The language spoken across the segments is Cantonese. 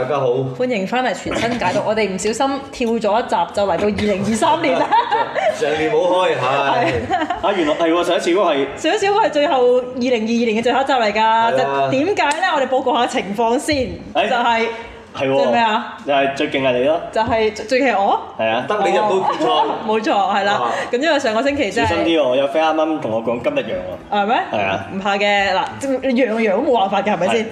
大家好，歡迎翻嚟全新解毒。我哋唔小心跳咗一集，就嚟到二零二三年啦。上年冇開，係啊，原來係喎。上一次嗰個係上一次嗰個係最後二零二二年嘅最後一集嚟㗎。點解咧？我哋報告下情況先，就係係喎。做咩啊？就係最勁係你咯。就係最勁係我。係啊，得你入到冇錯，冇錯，係啦。咁因為上個星期小心啲喎，有 friend 啱啱同我講今日陽喎。係咩？係啊，唔怕嘅嗱，陽陽都冇辦法嘅，係咪先？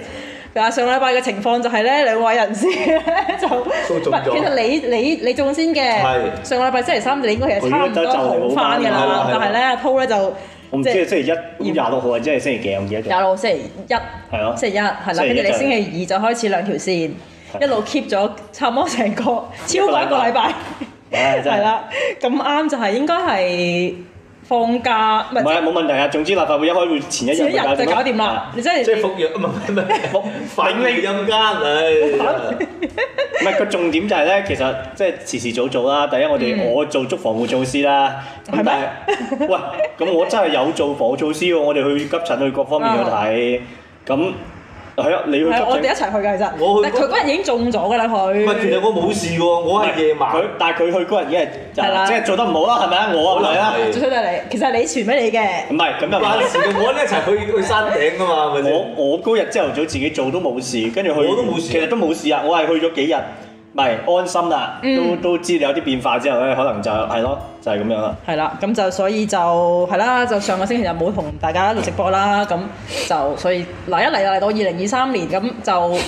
嗱，上禮拜嘅情況就係咧，兩位人士就，其實你你你中先嘅，對上禮拜星期三你應該其實差唔多好翻㗎啦，但係咧阿滔咧就，即係星期一，咁廿六號係即係星期幾？我唔記得咗。廿六號星期一，係咯，星期一，係啦，跟住、就是、你星期二就開始兩條線，了一路 keep 咗差唔多成個超過一個禮拜，係啦，咁啱就係應該係。放假唔係，冇是、就是、問題啊！總之立法會一開會前一日就，就搞掂啦！即係、嗯、服藥，唔係唔係服粉呢？兩間唉，唔係個重點就係、是、咧，其實即係遲遲早早啦。第一，我哋、嗯、我做足防護措施啦，係咪？是嗎 喂，咁我真係有做防護措施喎！我哋去急診，去各方面去睇咁。嗯係啊，你去？係我哋一齊去嘅其實。我去嗰日已經中咗㗎啦佢。唔係，其實我冇事喎，我係夜晚。佢，但係佢去嗰日已經就即係做得唔好啦，係咪啊？我啊好嚟啦。最衰都係你，其實係你傳俾你嘅。唔係，咁又關事我哋一齊去去山頂㗎嘛。我我嗰日朝頭早自己做都冇事，跟住去。我都冇事。其實都冇事啊，我係去咗幾日。唔安心啦，都都知你有啲變化之後咧，可能就係、是、咯，嗯、就係咁樣啦。係啦，咁就所以就係啦，就上個星期就冇同大家一路直播啦。咁 就所以嚟一嚟就嚟到二零二三年，咁就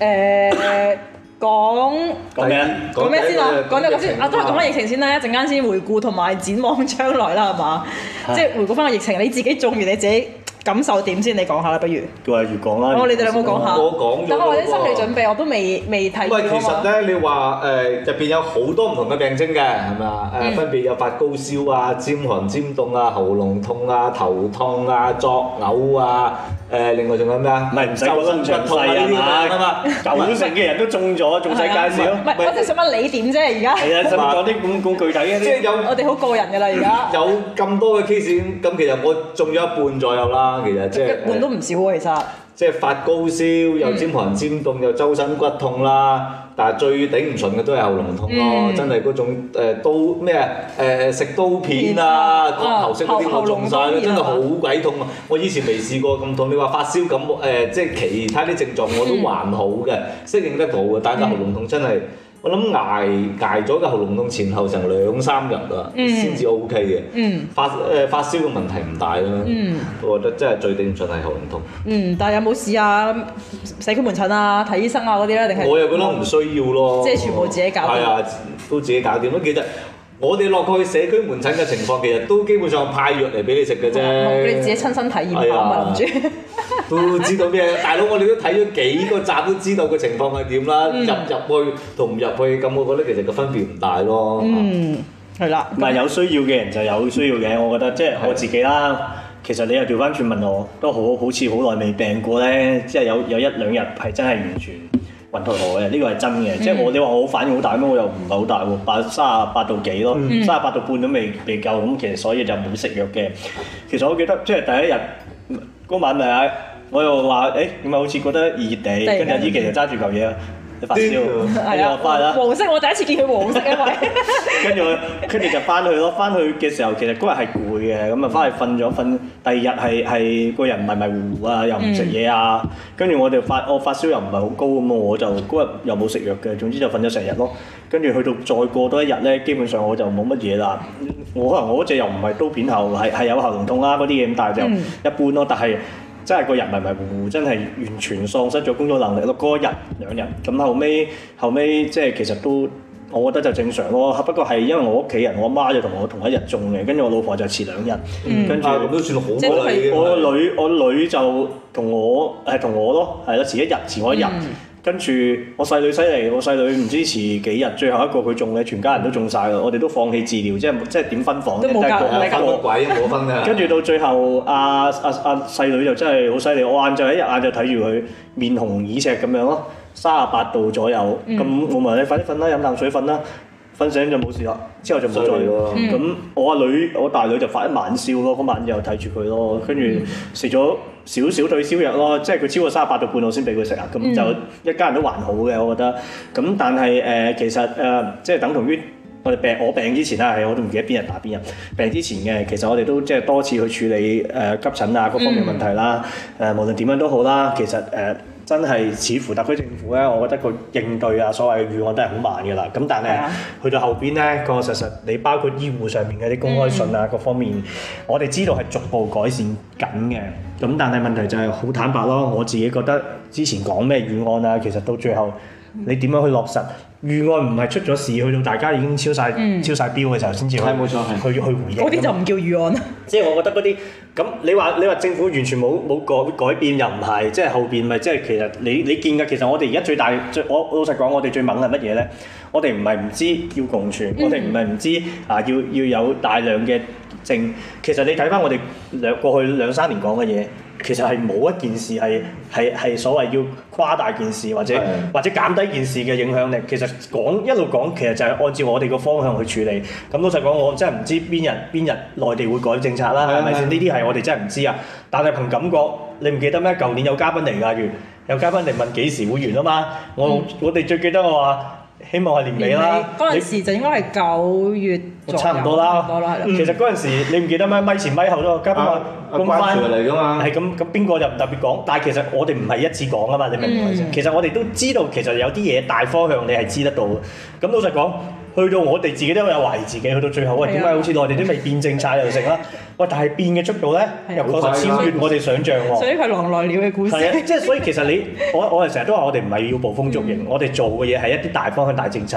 誒講講咩？講咩先啊？講咩先啊，都係講翻疫情先啦。一陣間先回顧同埋展望將來啦，係嘛？啊、即係回顧翻個疫情，你自己中完你自己。感受點先？你講下啦，不如。話住講啦。哦，你哋有冇講下？我講咗講。但係我啲心理準備我都未未睇。喂，其實咧，你話誒入邊有好多唔同嘅病徵嘅，係咪啊？誒分別有發高燒啊、沾寒沾凍啊、喉嚨痛啊、頭痛啊、作嘔啊。誒，另外仲有咩啊？唔係唔使咁詳細啊嘛。九成嘅人都中咗，仲使介紹？唔係，我哋想問你點啫，而家。係啊，想講啲咁咁具體嘅。即係有。我哋好個人嘅啦，而家。有咁多嘅 case，咁其實我中咗一半左右啦。其實即、就、係、是，換都唔少啊！其實即係發高燒，又尖寒尖凍，又周身骨痛啦。嗯、但係最頂唔順嘅都係喉嚨痛咯、嗯哦，真係嗰種誒刀咩啊食刀片啊，光、啊、喉式嗰啲我中曬，真係好鬼痛啊！我以前未試過咁痛，你話發燒感誒，即、呃、係其他啲症狀我都還好嘅，嗯、適應得到嘅。但係喉嚨痛真係～、嗯我諗捱捱咗個喉嚨痛前後成兩三日啦，先至 OK 嘅。發誒發燒嘅問題唔大啦。嗯，我覺得真係最頂唔順係喉嚨痛。嗯，但係有冇試啊？社區門診啊，睇醫生啊嗰啲咧，定係？我又覺得唔需要咯。不即係全部自己搞。係啊，都自己搞掂咯。其實。我哋落去社區門診嘅情況，其實都基本上派藥嚟俾你食嘅啫。你自己親身體驗下啊，樓主都知道咩？大佬我哋都睇咗幾個站，都知道 都知道個情況係點啦。入入、嗯、去同唔入去咁，我覺得其實個分別唔大咯。嗯，係啦。但係有需要嘅人就有需要嘅，我覺得即係、就是、我自己啦。是的 其實你又調翻轉問我，都好好似好耐未病過咧，即係有有一兩日係真係完全。雲陀陀嘅呢個係真嘅，即係我你話我反應好大咩？我又唔係好大喎，三啊八度幾咯，三啊八度半都未未夠咁，其實所以就冇食藥嘅。其實我記得即係第一日嗰晚咪，我又話誒，唔係好似覺得熱地，跟住依其實揸住嚿嘢。你發燒，你落翻啦。黃色，我第一次見佢黃色嘅位。跟住佢，佢哋就翻去咯。翻去嘅時候，其實嗰日係攰嘅，咁啊翻去瞓咗瞓。第二日係係個人迷迷糊糊啊，又唔食嘢啊。跟住、嗯、我哋發，我發燒又唔係好高咁，我就嗰日又冇食藥嘅。總之就瞓咗成日咯。跟住去到再過多一日咧，基本上我就冇乜嘢啦。我可能我只又唔係刀片喉，係係有喉嚨痛啦嗰啲嘢，但係就一般咯。但係。嗯但真係個人迷迷糊糊，真係完全喪失咗工作能力咯。過一日兩日，咁後尾，後尾，即係其實都，我覺得就正常咯。不過係因為我屋企人，我阿媽就同我同一日中嘅，跟住我老婆就遲兩日，跟住都算好耐嘅。我女我女就同我係同我咯，係咯，遲一日遲我一日。嗯嗯跟住我細女犀利，我細女唔支持幾，幾日最後一個佢中嘅，全家人都中晒啦，嗯、我哋都放棄治療，即係即係點分房都冇加，冇搞乜冇分啦。跟住我 到最後，阿阿阿細女就真係好犀利，我晏晝一日晏就睇住佢面紅耳赤咁樣咯，三十八度左右。咁我問你快啲瞓啦，飲啖水瞓啦，瞓醒就冇事啦，之後就冇再。咁以、嗯、我阿女，我大女就發一晚燒咯，嗰晚又睇住佢咯，跟住食咗少少退燒藥咯，即係佢超過三十八度半，我先俾佢食啊，咁就一家人都還好嘅，我覺得。咁但係誒、呃，其實誒、呃，即係等同於我哋病我病之前啦，係我都唔記得邊日打邊日病之前嘅，其實我哋都即係多次去處理誒、呃、急診啊，各方面問題啦，誒、嗯呃、無論點樣都好啦，其實誒。呃真係似乎特區政府咧，我覺得個應對啊，所謂嘅預案都係好慢㗎啦。咁但係 Yeah. 去到後邊呢，確確實實你包括醫護上面嗰啲公開信啊，各方面，mm hmm. 我哋知道係逐步改善緊嘅。咁但係問題就係好坦白咯，我自己覺得之前講咩預案啊，其實到最後。你點樣去落實預案？唔係出咗事，去到大家已經超晒、嗯、超曬標嘅時候會，先至冇錯去去回應。嗰啲就唔叫預案。即係我覺得嗰啲咁，你話你話政府完全冇冇改改變又唔係。即係後邊咪即係其實你你見嘅，其實我哋而家最大最我老實講，我哋最猛係乜嘢咧？我哋唔係唔知要共存，嗯、我哋唔係唔知要啊要要有大量嘅證。其實你睇翻我哋兩過去兩三年講嘅嘢。其實係冇一件事係係係所謂要誇大件事，或者是的 或者減低件事嘅影響力。其實講一路講，其實就係按照我哋個方向去處理。咁老實講，我真係唔知邊日邊日內地會改政策啦，係咪先？呢啲係我哋真係唔知啊。但係憑感覺，你唔記得咩？舊年有嘉賓嚟㗎，完有嘉賓嚟問幾時會完啊嘛。我、嗯、我哋最記得我話。希望係年尾啦，嗰陣底你時就應該係九月。差唔多啦，差唔多啦，嗯、其實嗰陣時你唔記得咩？咪前咪後都，咁我關注嚟㗎嘛。係咁、啊，咁邊個就唔特別講？但係其實我哋唔係一次講㗎嘛，你明唔明、嗯、其實我哋都知道，其實有啲嘢大方向你係知得到嘅。咁老實講。去到我哋自己都有懷疑自己，去到最後，喂，點解好似內地都未變政策又成啦？喂， 但係變嘅速度咧，又 確實超越我哋想象喎。所以佢狼來了嘅故事。 即係所以其實你我我哋成日都話我哋唔係要捕風捉影，我哋做嘅嘢係一啲大方向大政策。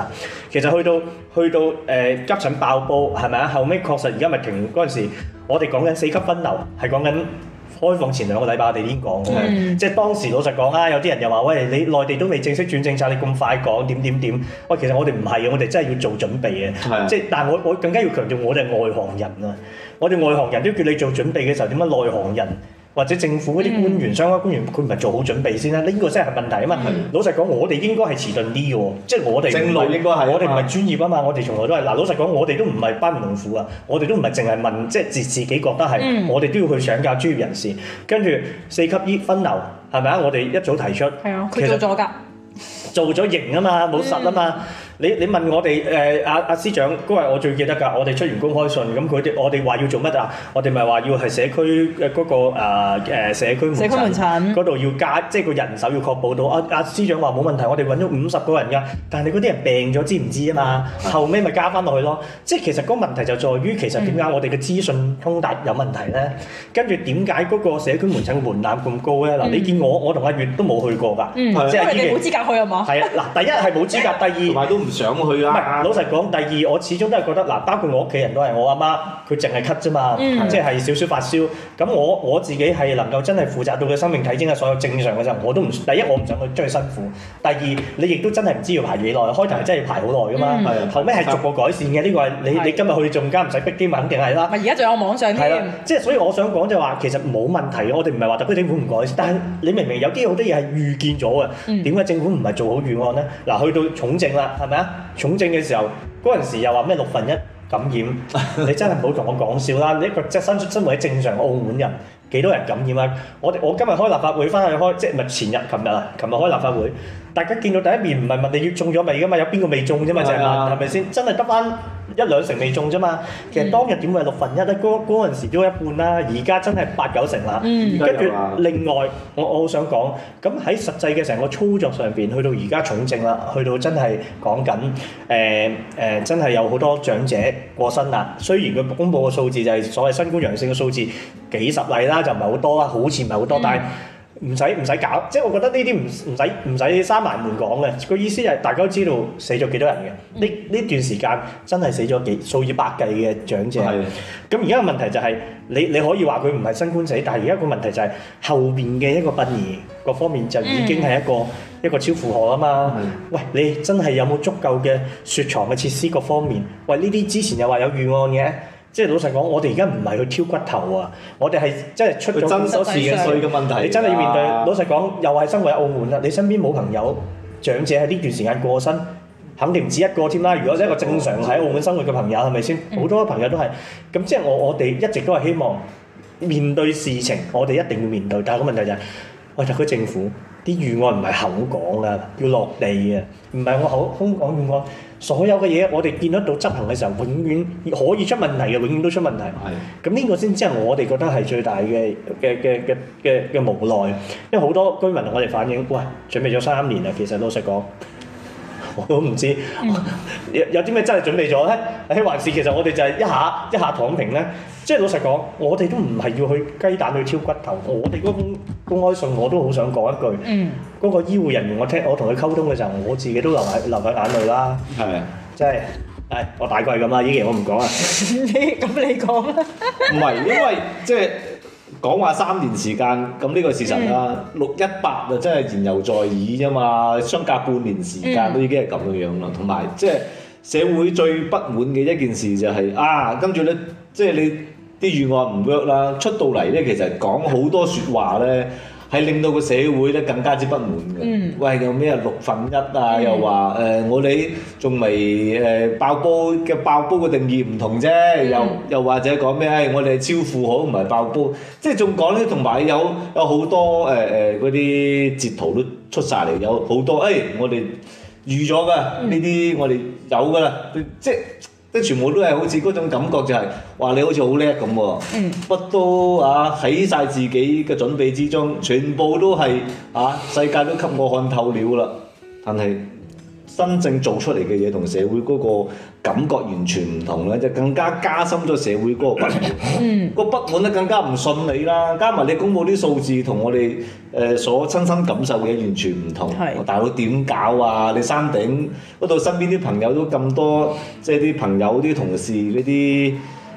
其實去到去到誒、呃、急診爆煲係咪啊？後尾確實而家咪停嗰陣時，我哋講緊四級分流係講緊。開放前兩個禮拜我哋已經講過，嗯、即係當時老實講啊，有啲人又話，喂你內地都未正式轉政策，你咁快講點點點？喂，其實我哋唔係嘅，我哋真係要做準備嘅，是的 即但我我更加要強調，我哋外行人啊，我哋外行人都叫你做準備嘅時候，點解內行人？或者政府嗰啲官員、嗯、相關官員，佢唔係做好準備先啦。呢、呢個真係係問題啊嘛！老實講，我哋應該係遲鈍啲嘅，即係我哋我哋唔係專業啊嘛。我哋從來都係。老實講，我哋都唔係班門弄斧啊，我哋都唔係淨係問，即係自己覺得係，嗯、我哋都要去請教專業人士。跟住四級醫分流係咪？我哋一早提出，啊、佢做咗，其實做咗㗎，做咗型啊嘛，冇實啊嘛。嗯你你問我哋誒阿阿司長嗰日我最記得㗎，我哋出完公開信，咁佢哋我哋話要做乜啊？我哋咪話要係社區嘅、那、嗰個、呃、社區門診嗰度要加，即係個人手要確保到啊。阿、啊、司長話冇問題，我哋揾咗五十個人㗎。但係嗰啲人病咗，知唔知啊嘛？嗯、後尾咪加翻落去咯。即係其實嗰個問題就在於，其實點解我哋嘅資訊通達有問題咧？跟住點解嗰個社區門診門檻咁高咧？嗱、嗯，你見我我同阿月都冇去過㗎，嗯、即係依個。因為你冇資格去啊嘛？係啊，嗱，第一係冇資格，第二同埋都唔 唔係、啊，老實講，第二我始終都係覺得嗱，包括我屋企人都係我阿媽,媽，佢淨係咳啫嘛，嗯、即係少少發燒。咁我我自己係能夠真係負責到佢生命體徵嘅所有正常嘅時候，我都唔第一，我唔想去追佢辛苦。第二，你亦都真係唔知要排幾耐，開頭真係要排好耐㗎嘛。後尾係逐步改善嘅，呢的個係你的你今日去仲加唔使逼啲嘛，肯定係啦。而家仲有網上添。即係所以我想講就話，其實冇問題。我哋唔係話特區政府唔改善，但係你明明有啲好多嘢係預見咗嘅，點解政府唔係做好預案呢？嗱、嗯，去到重症啦，係咪重症嘅時候，嗰陣時又話咩六分一感染， 你真係唔好同我講笑啦！你即身身為正常嘅澳門人，幾多人感染啊？我我今日開立法會，翻去開即唔係前日、琴日啊，琴日開立法會。大家見到第一面唔係問你要中咗未㗎嘛？有邊個未中啫嘛？淨係問，係咪先？真係得翻一兩成未中啫嘛？其實當日點會係六分一呢？嗰嗰陣時都一半啦，而家真係八九成啦。跟住、嗯、另外，我我好想講，咁喺實際嘅成個操作上邊，去到而家重症啦，去到真係講緊誒誒，真係有好多長者過身啦。雖然佢公佈嘅數字就係所謂新冠陽性嘅數字，幾十例啦，就唔係好多啦，好似唔係好多，但係。唔使唔使搞，即係我覺得呢啲唔唔使唔使閂埋門講嘅，個意思係大家都知道死咗幾多人嘅。呢呢、嗯、段時間真係死咗幾數以百計嘅長者。咁而家嘅問題就係、是，你你可以話佢唔係新冠死，但係而家個問題就係、是、後邊嘅一個殯儀各方面就已經係一個、嗯、一個超負荷啊嘛。嗯、喂，你真係有冇足夠嘅雪藏嘅設施各方面？喂，呢啲之前又話有預案嘅。即係老實講，我哋而家唔係去挑骨頭啊！我哋係真係出咗好多事情嘅問題，你真係要面對。老實講，又係生活喺澳門啦，你身邊冇朋友長者喺呢段時間過身，肯定唔止一個添啦。如果你一個正常喺澳門生活嘅朋友係咪先？好多朋友都係咁，即係我我哋一直都係希望面對事情，我哋一定要面對。但係個問題就係，喂，特區政府啲預案唔係口講嘅，要落地嘅，唔係我口空講預案。所有嘅嘢，我哋見得到執行嘅時候，永遠可以出問題嘅，永遠都出問題。係的。咁呢個先真係我哋覺得係最大嘅嘅嘅嘅嘅嘅無奈，因為好多居民同我哋反映，喂，準備咗三年啊，其實老實講，我都唔知、嗯、 有啲咩真係準備咗咧，還是其實我哋就係一下一下躺平咧。即、就、係、是、老實講，我哋都唔係要去雞蛋去挑骨頭，嗯、我哋公公開信我都好想講一句。嗯。嗰個醫護人員，我聽我同佢溝通嘅時候，我自己都流埋流緊眼淚啦。係是的、就是，即係，係我大概咁啦。呢樣我唔講啊。你咁你講啦。唔係，因為即係、就是、講話三年時間，咁呢個事實啦。嗯、六一八就真係言猶在耳啫嘛。相隔半年時間都已經係咁嘅樣啦。同埋即係社會最不滿嘅一件事就係、是、啊，跟住呢，即、就、係、是、你啲預案唔 work 啦，出到嚟呢，其實講好多説話呢。係令到個社會咧更加之不滿嘅。嗯、喂，有咩六分一啊？嗯、又話誒、呃，我哋仲未誒爆煲嘅，爆煲嘅定義唔同啫。又、嗯、又或者講咩？誒，我哋超富好唔係爆煲，即係仲講咧。同埋、嗯、有有好多誒誒嗰啲截圖都出晒嚟，有好多誒、欸，我哋預咗㗎呢啲，我哋有㗎啦，即係、嗯。嗯即全部都係好似嗰種感覺就係、是，哇！你好似好叻咁喎，嗯、不都啊喺曬自己嘅準備之中，全部都係啊，世界都給我看透了啦，嘆氣。真正做出嚟嘅嘢同社會嗰個感覺完全唔同咧，就更加加深咗社會嗰個不滿， 個不滿咧更加唔順利啦。加埋你公布啲數字同我哋誒所親身感受嘅嘢完全唔同，大佬點搞啊？你山頂嗰度身邊啲朋友都咁多，即係啲朋友啲同事呢啲。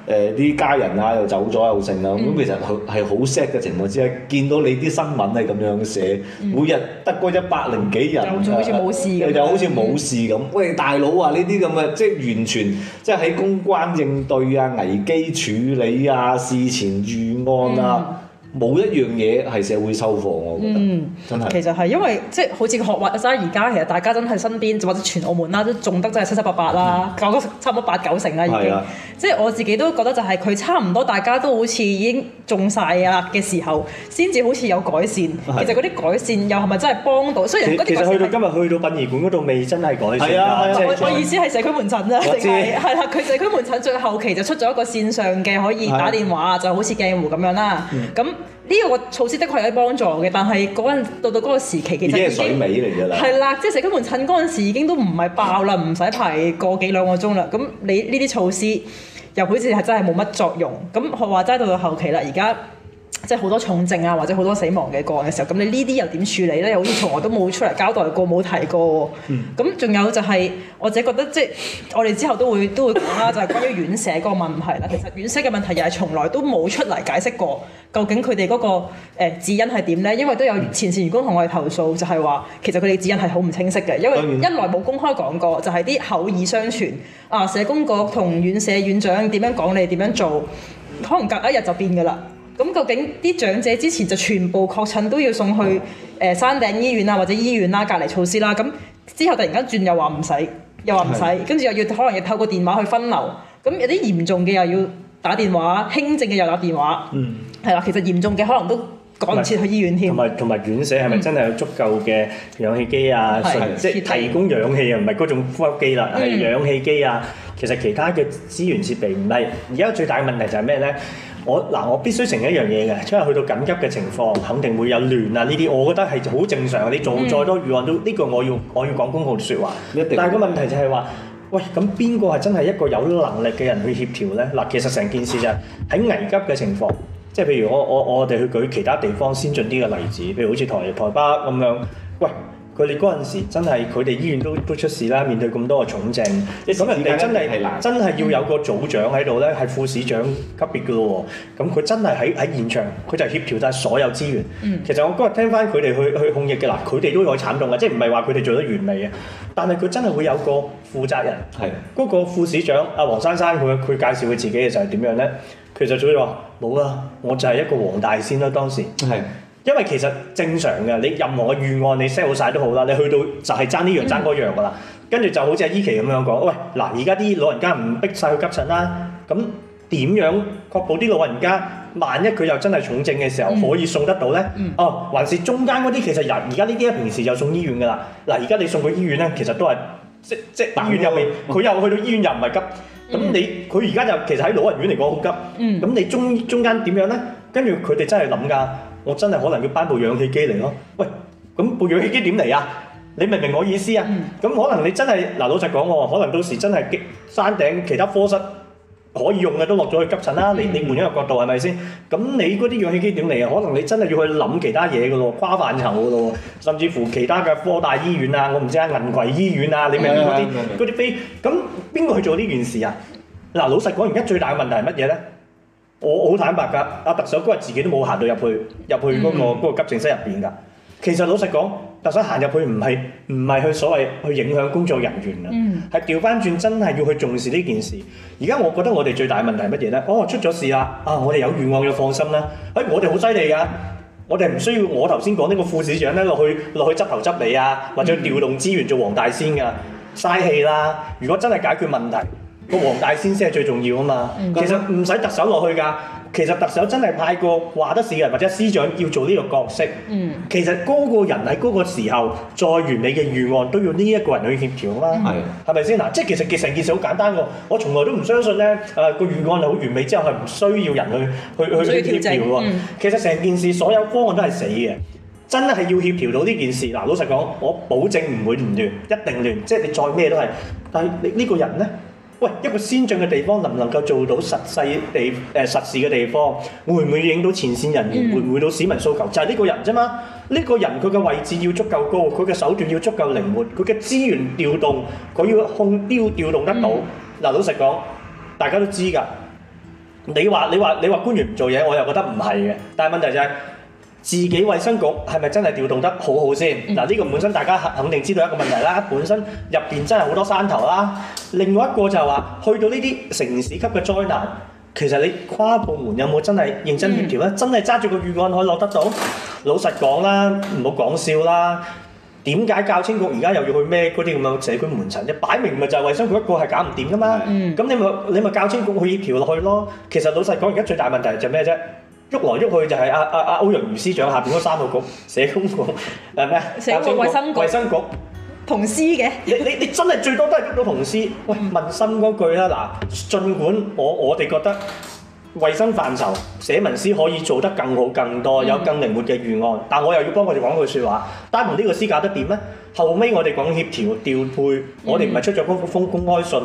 誒啲、呃、家人啊又走咗又剩啦，咁、嗯、其實係好 sad 嘅情況之下，見到你啲新聞係咁樣寫，嗯、每日得個一百零幾人，又好似冇事，好似冇事咁。嗯、喂，大佬啊，呢啲咁嘅即係完全即係喺公關應對啊、危機處理啊、事前預案啊。嗯冇一樣嘢係社會收貨，我覺得、嗯、真係的。其實係因為即係好似學話齋而家，其實大家真係身邊或者全澳門啦，都中得真係七七八八啦，搞到、嗯、差唔多，多八九成啦已經。啊、即係我自己都覺得就係、是、佢差唔多大家都好似已經中晒啊嘅時候，先至好似有改善。其實嗰啲改善又係咪真係幫到？所以改其，實其實去到今日去到殯儀館嗰度未真係改善。係啊，啊，我意思係社區門診啊，係啦，佢社區門診最後期就出咗一個線上嘅可以打電話，啊、就好似鏡湖咁樣啦。咁、嗯呢個個措施的確有啲幫助嘅，但係嗰陣到到嗰個時期，其實已經係水尾嚟㗎啦。係啦，即係社區門診嗰陣時已經都唔係爆啦，唔使排過幾兩個幾兩個鐘啦。咁你呢啲措施又好似係真係冇乜作用。咁我話齋到到後期啦，而家。即係好多重症啊，或者好多死亡嘅個案嘅時候，咁你呢啲又點處理咧？又好似從來都冇出嚟交代過，冇提過。咁仲、嗯、有就係、是、我自己覺得，即、就、係、是、我哋之後都會都會講啦，就係、是、關於院社嗰個問題啦。 其實院舍嘅問題又係從來都冇出嚟解釋過，究竟佢哋嗰個指引係點咧？因為都有前線員工同我哋投訴就，就係話其實佢哋指引係好唔清晰嘅，因為一來冇公開講過，就係、是、啲口耳相傳啊。社工局同院舍院長點樣講，你點樣做，可能隔一日就變噶啦。咁究竟啲長者之前就全部確診都要送去誒山頂醫院啊，或者醫院啦隔離措施啦。咁之後突然間轉又話唔使，又話唔使，跟住是又要可能要透過電話去分流。咁有啲嚴重嘅又要打電話，輕症嘅又打電話。嗯，係啦，其實嚴重嘅可能都趕唔切去醫院添。同埋同埋院舍係咪真係有足夠嘅氧氣機啊？嗯、是即係提供氧氣啊，唔係嗰種呼吸機啦，嗯、氧氣機啊。其實其他嘅資源設備，唔係而家最大嘅問題就係咩咧？我嗱，我必須承一樣嘢嘅，即係去到緊急嘅情況，肯定會有亂啊呢啲，我覺得係好正常。你做再多預案都，呢個我要我要講公共説話。但係個問題就係話，喂，咁邊個係真係一個有能力嘅人去協調咧？嗱，其實成件事就喺危急嘅情況，即係譬如我我我哋去舉其他地方先進啲嘅例子，譬如好似台台北咁樣，喂。佢哋嗰陣時真係佢哋醫院都都出事啦，面對咁多個重症，咁人哋真係真係要有個組長喺度咧，係副市長級別噶咯喎。咁佢真係喺喺現場，佢就協調晒所有資源。嗯、其實我嗰日聽翻佢哋去去控疫嘅嗱，佢哋都有慘痛嘅，即係唔係話佢哋做得完美嘅。但係佢真係會有個負責人，係嗰是的 個副市長阿黃珊珊，佢佢介紹佢自己嘅就係點樣咧？佢就主要話冇啊，我就係一個黃大仙啦當時。係。因為其實正常嘅，你任何嘅預案你 set 好晒都好啦，你去到就係爭呢樣爭嗰樣噶啦。跟住就好似阿伊奇咁樣講，喂嗱，而家啲老人家唔逼晒去急診啦，咁點樣確保啲老人家，萬一佢又真係重症嘅時候可以送得到咧？嗯、哦，還是中間嗰啲其實人而家呢啲啊，平時就送醫院噶啦。嗱，而家你送佢醫院咧，其實都係即即醫院入面，佢、嗯、又去到醫院又唔係急。咁你佢而家就其實喺老人院嚟講好急。咁你中中間點樣咧？跟住佢哋真係諗㗎。我真係可能要搬部氧氣機嚟咯，喂，咁部氧氣機點嚟啊？你明唔明我意思啊？咁可能你真係嗱，老實講喎，可能到時真係激山頂其他科室可以用嘅都落咗去急診啦、啊。你你換一個角度係咪先？咁你嗰啲氧氣機點嚟啊？可能你真係要去諗其他嘢嘅咯，跨範疇嘅咯，甚至乎其他嘅科大醫院啊，我唔知啊銀葵醫院啊，你明唔明嗰啲嗰啲飛？咁邊個去做呢件事啊？嗱，老實講，而家最大嘅問題係乜嘢咧？我好坦白㗎，阿特首日自己都冇行到入去，入去嗰、那個那個急症室入邊㗎。其實老實講，特首行入去唔係唔係去所謂去影響工作人員啊，係調翻轉真係要去重視呢件事。而家我覺得我哋最大問題係乜嘢咧？哦，出咗事啦！啊，我哋有預望要放心啦。哎，我哋好犀利㗎，我哋唔需要我頭先講呢個副市長咧落去落去執頭執尾啊，或者調動資源做黃大仙㗎、啊，嘥氣啦。如果真係解決問題，個黃大仙係最重要啊嘛！嗯、其實唔使特首落去噶，嗯、其實特首真係派個話得事嘅人或者司長要做呢個角色。嗯、其實嗰個人喺嗰個時候再完美嘅預案，都要呢一個人去協調啊嘛。係、嗯，係咪先嗱？即係其實其實成件事好簡單個。我從來都唔相信咧，誒、呃、個預案係好完美之後係唔需要人去去去協調嘅。嗯、其實成件事所有方案都係死嘅，真係要協調到呢件事嗱。老實講，我保證唔會唔亂，一定亂。即係你再咩都係，但係你呢個人咧？喂，一個先進嘅地方能唔能夠做到實際地誒實事嘅地方，會唔會影到前線人員，會唔會到市民訴求？就係呢個人啫嘛，呢個人佢嘅位置要足夠高，佢嘅手段要足夠靈活，佢嘅資源調動，佢要控，調，調動得到。嗱，老實講，大家都知㗎。你話你話你話官員唔做嘢，我又覺得唔係嘅。但係問題就係。自己衛生局係咪真係調動得好好先？嗱、嗯，呢個本身大家肯定知道一個問題啦。本身入邊真係好多山頭啦。另外一個就係話，去到呢啲城市級嘅災難，其實你跨部門有冇真係認真協調咧？嗯、真係揸住個預案可以落得到？嗯、老實講啦，唔好講笑啦。點解教青局而家又要去咩嗰啲咁樣社區門診咧？擺明咪就係衛生局一個係搞唔掂噶嘛。咁、嗯、你咪你咪教青局去協調落去咯。其實老實講，而家最大問題就係咩啫？喐來喐去就係阿阿阿歐陽瑜司長下面嗰三個局，社工局誒，咩？社工局、衛生局、同司嘅。你你你真係最多都係喐到同司。喂，問心嗰句啦，嗱，儘管我我哋覺得衛範疇，衛生範疇社文司可以做得更好更多，有更靈活嘅預案，但我又要幫佢哋講句説話，單憑呢個司搞得掂咩？後尾我哋講協調調配，我哋唔係出咗封公，公開信。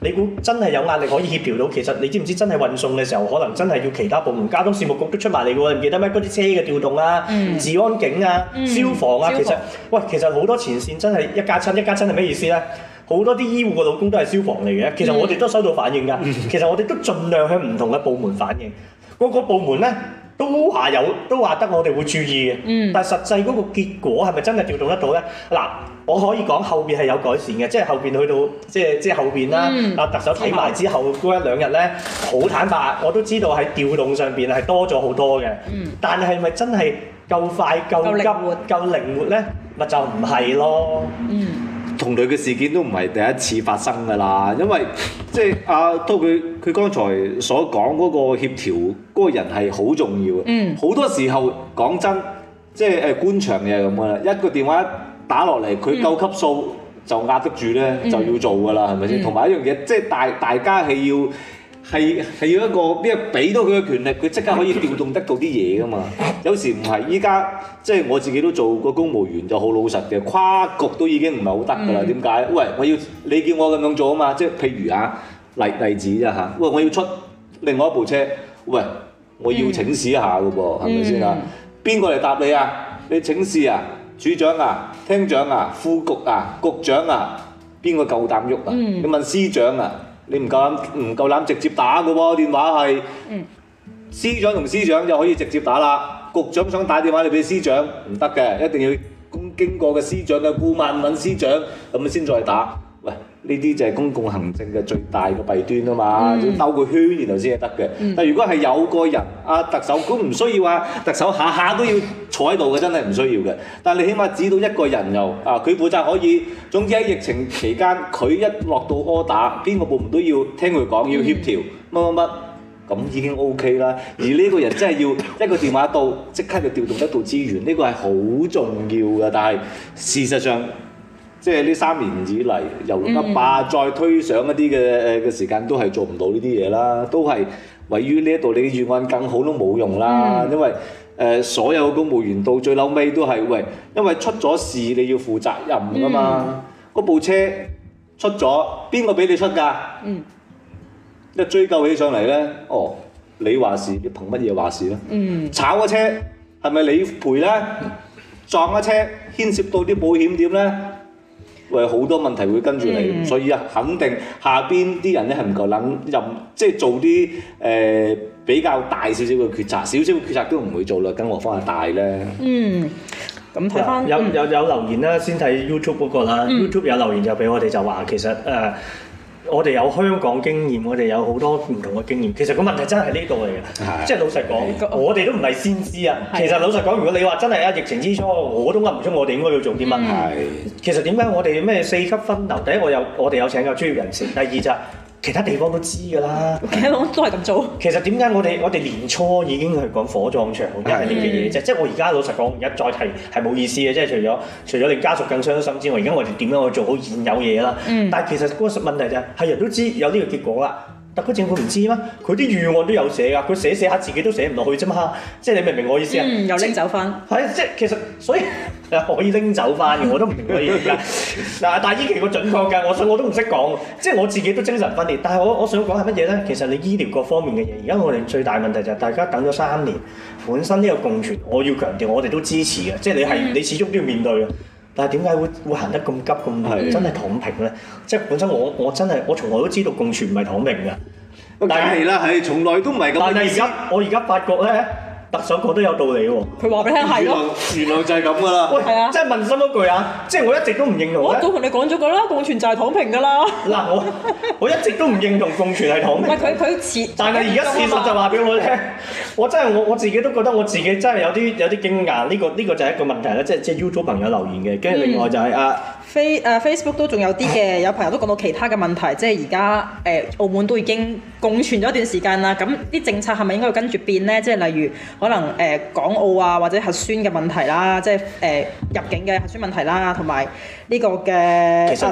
你估真係有壓力可以協調到？其實你知唔知真係運送嘅時候，可能真係要其他部門，交通事務局都出埋嚟嘅喎，你唔記得咩？嗰啲車嘅調動啊，治安警啊，消防啊，其實喂，其實好多前線真係一家親，一家親係咩意思咧？好多啲醫護嘅老公都係消防嚟嘅，其實我哋都收到反應㗎，其實我哋都盡量向唔同嘅部門反映，個個部門咧都話有，都話得我哋會注意嘅，但係實際嗰個結果係咪真係調動得到咧？嗱。我可以講後邊係有改善嘅，即係後邊去到即係即係後邊啦。啊、嗯，特首睇埋之後嗰一兩日咧，好坦白，我都知道喺調動上邊係多咗好多嘅。嗯，但係咪真係夠快夠急、夠靈活夠靈活咧？咪就唔係咯。嗯，同類嘅事件都唔係第一次發生噶啦，因為即係阿都佢佢剛才所講嗰個協調嗰個人係好重要嘅。嗯，好多時候講真，即係誒官場嘅咁樣啦，一個電話。打落嚟佢夠級數、嗯、就壓得住呢，就要做噶啦，係咪先？同埋一樣嘢，即係大大家係要係係要一個，因為俾到佢嘅權力，佢即刻可以調動得到啲嘢噶嘛。嗯、有時唔係依家，即係我自己都做個公務員就好老實嘅，跨局都已經唔係好得噶啦。點解？嗯、喂，我要你叫我咁樣做啊嘛。即係譬如啊例例子啫吓？喂，我要出另外一部車，喂，我要請示一下噶噃，係咪先啊？邊個嚟答你啊？你請示啊？主長啊、廳長啊、副局啊、局長啊，邊個夠膽喐啊？嗯、你問司長啊，你唔夠膽，直接打嘅喎、啊，電話係、嗯、司長同司長就可以直接打啦。局長想打電話你俾司長，唔得嘅，一定要經經過嘅司長嘅顧問，問司長咁先再打。呢啲就係公共行政嘅最大嘅弊端啊嘛，嗯、要兜個圈，然後先得嘅。嗯、但如果係有個人，阿特首，咁唔需要啊，特首下下都要坐喺度嘅，真係唔需要嘅。但係你起碼指到一個人又啊，佢負責可以，總之喺疫情期間，佢一落到柯打，邊個部門都要聽佢講，嗯、要協調乜乜乜，咁已經 OK 啦。而呢個人真係要一個電話到，即刻就調動得到資源，呢個係好重要嘅。但係事實上，即係呢三年以嚟，由一爸再推上一啲嘅嘅時間，都係做唔到呢啲嘢啦。都係位於呢一度，你預案更好都冇用啦。嗯、因為誒、呃，所有公務員到最嬲尾都係喂，因為出咗事你要負責任㗎嘛。嗯、部車出咗，邊個俾你出㗎？嗯、一追究起上嚟呢，哦，你話事，你憑乜嘢話事呢？嗯，炒咗車係咪你賠呢？撞咗車牽涉到啲保險點呢？會好多問題會跟住嚟，嗯、所以啊，肯定下邊啲人咧係唔夠膽任，即、就、係、是、做啲誒、呃、比較大少少嘅決策，少少嘅決策都唔會做啦，更何況係大咧、嗯。嗯，咁睇翻有有有留言啦，先睇 YouTube 嗰個啦、嗯、YouTube 有留言就俾我哋就話其實誒。呃我哋有香港經驗，我哋有好多唔同嘅經驗。其實個問題真係呢度嚟嘅，即係的老實講，是的我哋都唔係先知啊。的其實老實講，如果你話真係啊疫情之初，我都搵唔出我哋應該要做啲乜。的其實點解我哋咩四級分流？第一，我有我哋有請嘅專業人士；第二就是。其他地方都知㗎啦，其他地方都係咁做。 其實點解我哋 我哋年初已經去講火葬場呢啲嘅嘢啫，即係我而家老實講，而家再提係冇意思嘅，即係除咗除咗令家屬更傷心之外，而家我哋點樣去做好現有嘢啦？ 但係其實嗰個問題就係，係，係人都知有呢個結果啦。特區政府唔知咩？佢啲預案都有寫噶，佢寫寫下自己都寫唔落去啫嘛。即係你明唔明我意思啊、嗯？又拎走翻係即係其實所以可以拎走翻嘅，我都唔明我意思。嗱， 但係依期個準確㗎，我想我都唔識講。即係我自己都精神分裂，但係我我想講係乜嘢咧？其實你醫療各方面嘅嘢，而家我哋最大問題就係大家等咗三年，本身呢個共存，我要強調我哋都支持嘅。即係 你係你始終都要面對嘅。但係點解會會行得咁急咁快是的 真係躺平呢？即本身我我真係我從來都知道共存唔係躺平嘅。係啦係，從來都唔係咁意思。但係而家我而家發覺呢。特首講都有道理喎，佢話俾聽係咯，原來就係咁噶啦，係啊，即係問心一句啊，即係我一直都唔認同，我都同你講咗句啦，共存就係躺平噶啦。嗱，我我一直都唔認同共存係躺平。唔係佢佢事，但係而家事實就話俾我聽，我真係我我自己都覺得我自己真係有啲有啲驚訝，呢個呢個就係一個問題啦，即係即係 YouTube 朋友留言嘅，跟住另外就係啊，飛啊 Facebook 都仲有啲嘅，有朋友都講到其他嘅問題，即係而家誒澳門都已經。共存咗一段時間啦，咁啲政策係咪應該要跟住變呢？即係例如可能誒、呃、港澳啊，或者核酸嘅問題啦、啊，即係誒、呃、入境嘅核酸問題啦、啊，同埋呢個嘅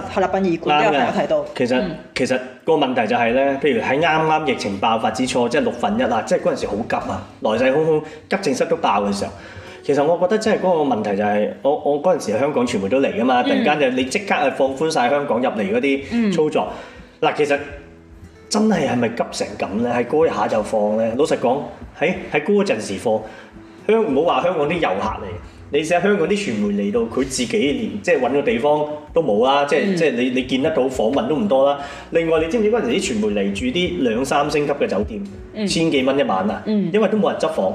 泰勒賓尼館都有實提到。其實、嗯、其實個問題就係、是、呢，譬如喺啱啱疫情爆發之初，即係六分一啦，即係嗰陣時好急啊，來勢洶洶，急症室都爆嘅時候。其實我覺得即係嗰個問題就係、是，我我嗰陣時香港傳媒都嚟㗎嘛，突然間就你即刻係放寬晒香港入嚟嗰啲操作。嗱，嗯嗯、其實。真係係咪急成咁咧？喺嗰一下就放咧。老實講，喺喺嗰陣時放，香唔好話香港啲遊客嚟。你試下香港啲傳媒嚟到，佢自己連即係揾個地方都冇啦。即係、嗯、即係你你見得到訪問都唔多啦。另外你知唔知嗰陣時啲傳媒嚟住啲兩三星級嘅酒店，嗯、千幾蚊一晚啊！嗯、因為都冇人執房，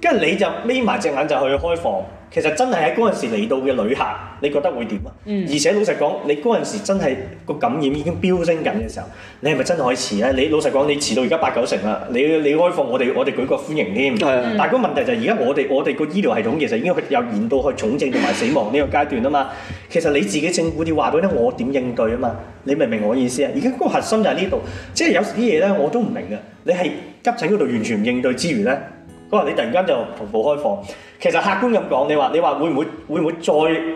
跟住、嗯、你就眯埋隻眼就去開房。其實真係喺嗰陣時嚟到嘅旅客，你覺得會點啊？嗯、而且老實講，你嗰陣時真係個感染已經飆升緊嘅時候，你係咪真係可以遲咧？你老實講，你遲到而家八九成啦，你你開放我哋我哋舉國歡迎添。嗯、但係個問題就係而家我哋我哋個醫療系統其實已經有延到去重症同埋死亡呢個階段啊嘛。其實你自己政府你話到咧，我點應對啊嘛？你明唔明我意思啊？而家個核心就係呢度，即係有時啲嘢咧我都唔明啊。你係急診嗰度完全唔應對之餘咧？咁啊！你突然間就同步開放，其實客觀咁講，你話你話會唔會會唔會再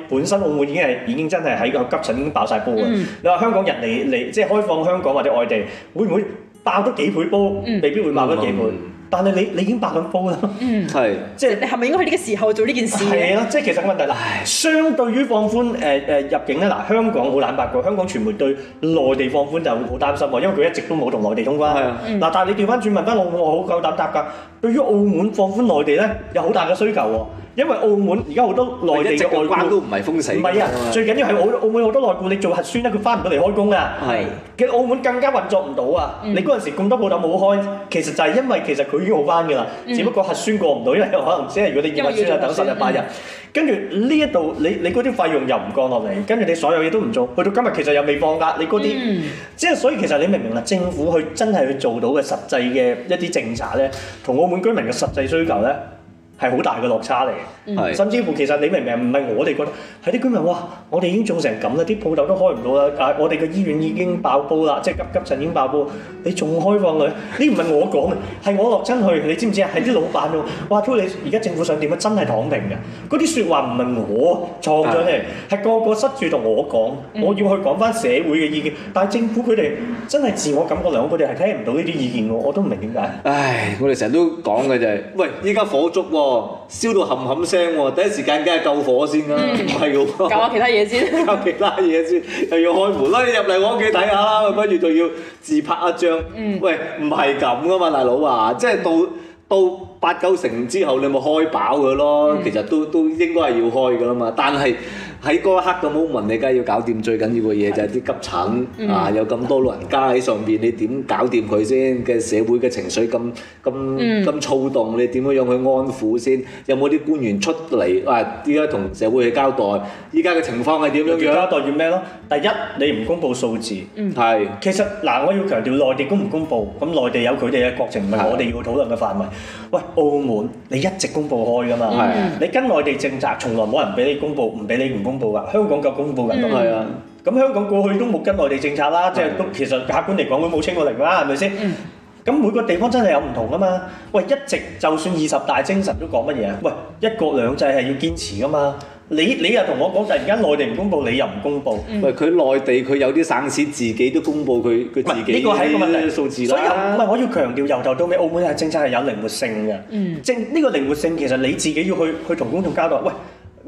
本身澳門已經係已經真係喺個急診已經爆晒煲喇？嗯、你話香港人嚟嚟即係開放香港或者外地，會唔會爆多幾倍煲？未、嗯、必，必會爆多幾倍。嗯嗯但係你，你已經白咁煲啦，係、嗯，是即係你係咪應該喺呢個時候做呢件事？係咯、啊，即係其實個問題啦。相對於放寬、呃呃、入境呢，嗱香港好坦白講，香港傳媒對內地放寬就好擔心喎，因為佢一直都冇同內地通關。是啊嗯、但係你調翻轉問翻我，我好夠膽答㗎。對於澳門放寬內地呢，有好大嘅需求喎。因為澳門而家好多內地嘅關都唔係封城，唔係啊！最緊要係澳澳門好多內顧，你做核酸咧，佢翻唔到嚟開工啊！係是，其實澳門更加運作唔到啊！嗯、你嗰陣時咁多鋪頭冇開，其實就係因為其實佢已經好翻噶啦，嗯、只不過核酸過唔到，因為可能即係如果你要核酸啊，酸等十日八日，跟住呢一度你你嗰啲費用又唔降落嚟，跟住、嗯、你所有嘢都唔做，去到今日其實又未放假，你嗰啲、嗯、即係所以其實你明唔明啊？政府去真係去做到嘅實際嘅一啲政策咧，同澳門居民嘅實際需求咧。嗯係好大嘅落差嚟嘅，甚至乎其實你明唔明？唔係我哋覺得，係啲居民哇，我哋已經做成咁啦，啲鋪頭都開唔到啦，啊，我哋嘅醫院已經爆煲啦，即係急急診已經爆煲，你仲開放佢？呢唔係我講嘅，係我落親去，你知唔知啊？係啲老闆喎，哇！Q 你而家政府想點啊？真係躺平嘅，嗰啲説話唔係我撞咗嚟，係個個塞住同我講，我要去講翻社會嘅意見，但係政府佢哋真係自我感覺良好，佢哋係聽唔到呢啲意見㗎，我都唔明點解。唉，我哋成日都講嘅就係，喂，依家火燭喎。哦、燒到冚冚聲喎，第一時間梗係救火先啦，唔係嘅喎。搞下其他嘢先，搞下 其他嘢先，又要開門啦，入嚟 我屋企睇下，啦，跟住就要自拍一張。嗯、喂，唔係咁噶嘛，大佬啊，即係到、嗯、到八九成之後，你咪開飽佢咯。嗯、其實都都應該係要開噶啦嘛，但係。喺嗰一刻嘅 moment，你梗係要搞掂最緊要嘅嘢，就係啲急診啊，有咁多老人家喺上邊，你點搞掂佢先？嘅社會嘅情緒咁咁咁躁動，你點樣樣去安撫先？有冇啲官員出嚟？哇！依家同社會去交代，依家嘅情況係點樣樣？要交代要咩咯？第一，你唔公布數字，係其實嗱，我要強調內地公唔公布，咁內地有佢哋嘅國情，唔係我哋要討論嘅範圍。喂，澳門你一直公布開㗎嘛？你跟內地政策，從來冇人俾你公布，唔俾你唔。公布噶，香港夠公布噶都係啊！咁、嗯、香港過去都冇跟內地政策啦，即係都其實客觀嚟講都冇清過零啦，係咪先？咁、嗯、每個地方真係有唔同噶嘛？喂，一直就算二十大精神都講乜嘢啊？喂，一國兩制係要堅持噶嘛？你你又同我講，突然間內地唔公布，你又唔公布？嗯、喂，佢內地佢有啲省市自己都公布佢佢自己呢嘅數字啦。所以唔係，我要強調，由頭到尾，澳門嘅政策係有靈活性嘅。嗯、正呢、呢個靈活性其實你自己要去去同公眾交代。喂。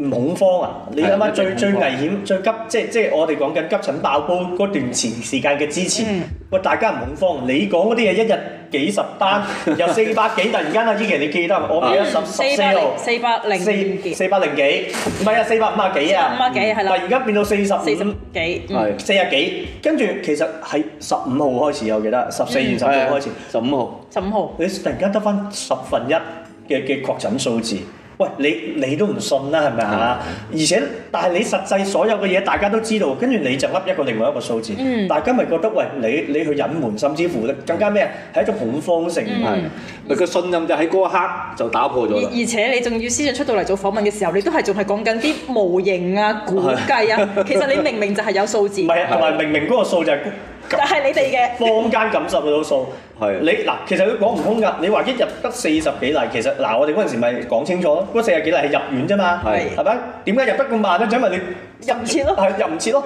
恐慌啊！你諗下最最危險、最急，即即我哋講緊急診爆煲嗰段前時間嘅支持。喂，大家唔恐慌！你講嗰啲嘢一日幾十單，由四百幾突然間阿依琪，你記得我記得十四號四百零四四百零幾，唔係啊，四百五啊幾啊，五啊幾係啦，突然間變到四十五幾，係四啊幾，跟住其實係十五號開始，我記得十四月十號開始，十五號十五號，你突然間得返十分一嘅嘅確診數字。喂，你你都唔信啦，係咪啊？的而且，但係你實際所有嘅嘢，大家都知道，跟住你就笠一個另外一個數字，嗯、大家咪覺得喂，你你去隱瞞，甚至乎更加咩啊？係一種恐慌性係，個、嗯、信任就喺嗰一刻就打破咗而，而且你仲要思想出到嚟做訪問嘅時候，你都係仲係講緊啲模型啊、估計啊，的其實你明明就係有數字。唔係、嗯，同埋明明嗰個數就係，就係你哋嘅坊間感受嘅數。係，是你嗱，其實都講唔通㗎。你話一日得四十幾例，其實嗱，我哋嗰陣時咪講清楚咯。嗰四十幾例係入院啫嘛，係，係咪？點解入得咁慢咧？就因為你入唔切咯，係入唔切咯。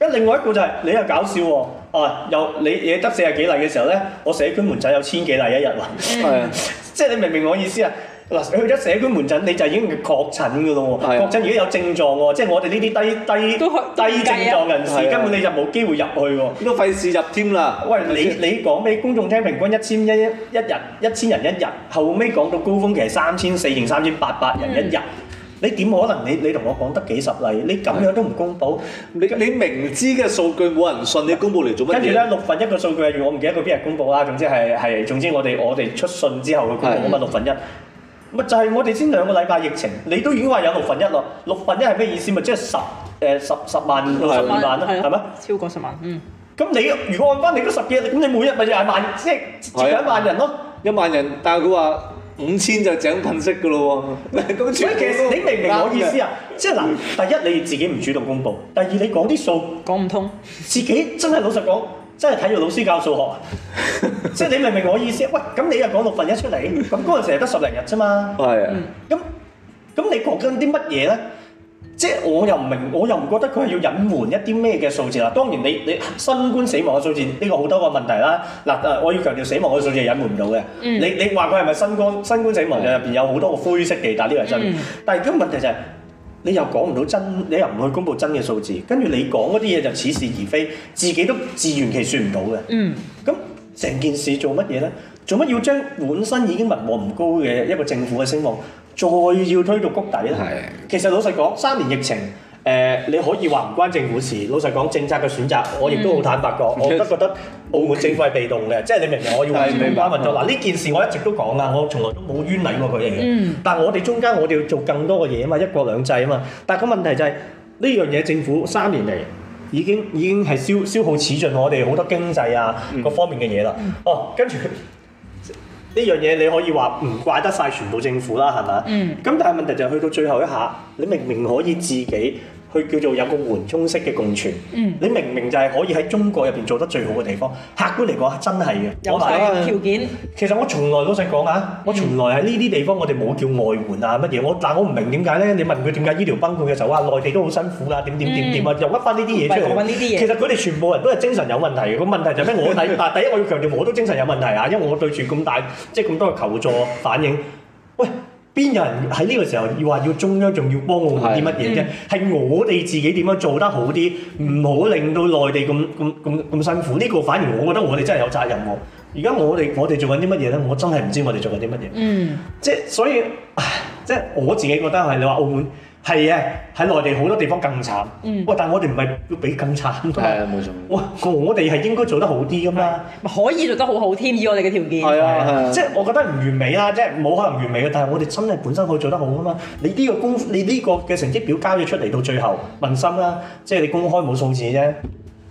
咁另外一個就係、是、你又搞笑喎，啊，又你嘢得四十幾例嘅時候咧，我社區門仔有千幾例一日喎，係啊，即係你明唔明我意思啊？嗱，你去咗社區門診，你就已經確診㗎咯喎，確診已經有症狀喎，即係我哋呢啲低低低症狀人士，根本你就冇機會入去喎。都費事入添啦。喂，你你講畀公眾聽，平均一千一一日一千人一日，後尾講到高峰期係三千四定三千八百人一日，你點可能你你同我講得幾十例？你咁樣都唔公佈，你你明知嘅數據冇人信，你公佈嚟做乜？跟住咧，六分一嘅數據係我唔記得佢邊日公佈啦，總之係係總之我哋我哋出信之後嘅公佈冇乜六份一。咪就係我哋先兩個禮拜疫情，你都已經話有六分一咯。六分一係咩意思？咪即係十誒、呃、十十萬到十二萬咯，係咪萬？嗎超過十萬。嗯。咁你如果按翻你都十幾日，咁你每日咪又係萬，即係接近一萬人咯、哎。一萬人，但係佢話五千就井噴式嘅咯喎。 全都 所以其實你明唔明我意思啊？的即係嗱，第一你自己唔主動公布，第二你講啲數講唔通，自己真係老實講。真係體育老師教數學 即係你明唔明我意思啊？喂，咁你又講六分一出嚟，咁嗰陣時得十零日啫嘛。係啊。咁咁你講緊啲乜嘢咧？即係我又唔明，我又唔覺得佢係要隱瞞一啲咩嘅數字啦。當然你，你你新冠死亡嘅數字呢個好多個問題啦。嗱，我要強調死亡嘅數字係隱瞞唔到嘅。你你話佢係咪新冠新冠死亡嘅入邊有好多灰色地帶，但呢個係真。嗯。但係個問題就係、是。你又講唔到真，你又唔去公布真嘅數字，跟住你講嗰啲嘢就似是而非，自己都自圓其說唔到嘅。嗯，咁成件事做乜嘢呢？做乜要將本身已經民望唔高嘅一個政府嘅聲望，再要推到谷底呢？係！其實老實講，三年疫情。誒、呃，你可以話唔關政府事。老實講，政策嘅選擇，我亦都好坦白講，我都覺得澳門政府係被動嘅，mm. 即係你明明可以自己加運作。嗱呢 件事我一直都講啊，我從來都冇冤枉過佢哋嘅。Mm. 但係我哋中間我哋要做更多嘅嘢啊嘛，一國兩制啊嘛。但係個問題就係呢樣嘢，政府三年嚟已經已經係消消耗殆盡我，我哋好多經濟啊、mm. 各方面嘅嘢啦。哦、mm. 嗯啊，跟住呢樣嘢，你可以話唔怪得晒全部政府啦，係咪？咁但係問題就係去到最後一下，你明明，明，明可以自己。佢叫做有個緩衝式嘅共存。嗯，你明明就係可以喺中國入邊做得最好嘅地方，客觀嚟講真係嘅。有埋條件，其實我從來都老實講啊，我從來喺呢啲地方我哋冇叫外援啊乜嘢。我但我唔明點解咧？你問佢點解醫療崩潰嘅時候啊，內地都好辛苦㗎，點點點點啊，又屈翻呢啲嘢出嚟。其實佢哋全部人都係精神有問題嘅。個問題就係咩？ 我第第一，我要強調，我都精神有問題啊，因為我對住咁大即係咁多求助反應，喂。邊有人喺呢個時候要話要中央仲要幫澳門是我啲乜嘢啫？係我哋自己點樣做得好啲，唔好令到內地咁咁咁咁辛苦。呢個反而我覺得我哋真係有責任喎。而家我哋我哋做緊啲乜嘢咧？我真係唔知我哋做緊啲乜嘢。嗯，即係所以，即係我自己覺得係你話澳門。係啊，喺內地好多地方更慘。嗯。喂，但係我哋唔係要俾更慘。係啊，冇錯。哇，我哋係應該做得好啲㗎嘛。可以做得好好添，以我哋嘅條件。係啊，即係我覺得唔完美啦，即係冇可能完美嘅。但係我哋真係本身可以做得好㗎嘛。你呢個公，你呢個嘅成績表交咗出嚟到最後，問心啦，即係你公開冇數字啫。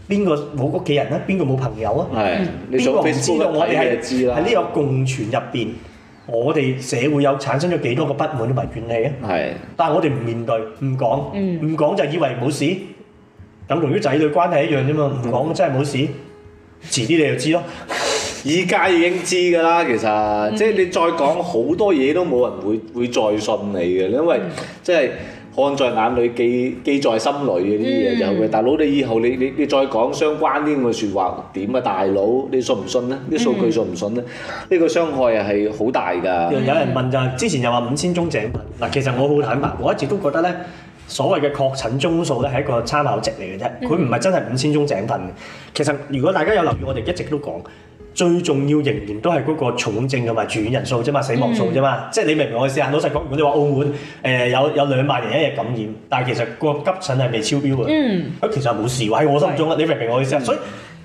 邊個冇屋企人啊？邊個冇朋友啊？係的。邊個、嗯、知道我哋係喺呢個共存入邊？我哋社會有產生咗幾多個不滿同埋怨氣啊？係是，但係我哋唔面對，唔講，唔講、嗯、就以為冇事。咁同於仔女關係一樣啫嘛，唔講，真係冇事，遲啲、嗯、你就知咯。而家已經知㗎啦，其實、嗯、即係你再講好多嘢都冇人會會再信你嘅，因為、嗯、即係。看在眼裏，記記在心裏嘅啲嘢就係，嗯、大佬你以後你你你再講相關啲咁嘅説話點啊，大佬你信唔信呢？啲數據信唔信呢？呢、嗯、個傷害係好大㗎。嗯、有人問就係，、之前又話五千宗症品。嗱其實我好坦白，我一直都覺得呢所謂嘅確診宗數呢係一個參考值嚟嘅啫，佢唔係真係五千宗症品。其實如果大家有留意，我哋一直都講。最重要仍然都係嗰個重症同埋住院人數啫嘛，死亡數啫嘛。嗯、即係你明唔明我意思啊？老實講，如果你話澳門誒、呃、有有兩萬人一日感染，但係其實個急診係未超標嘅，佢、嗯、其實冇事喎。喺、哎、我心目中，係、你明唔明我意思啊？嗯、所以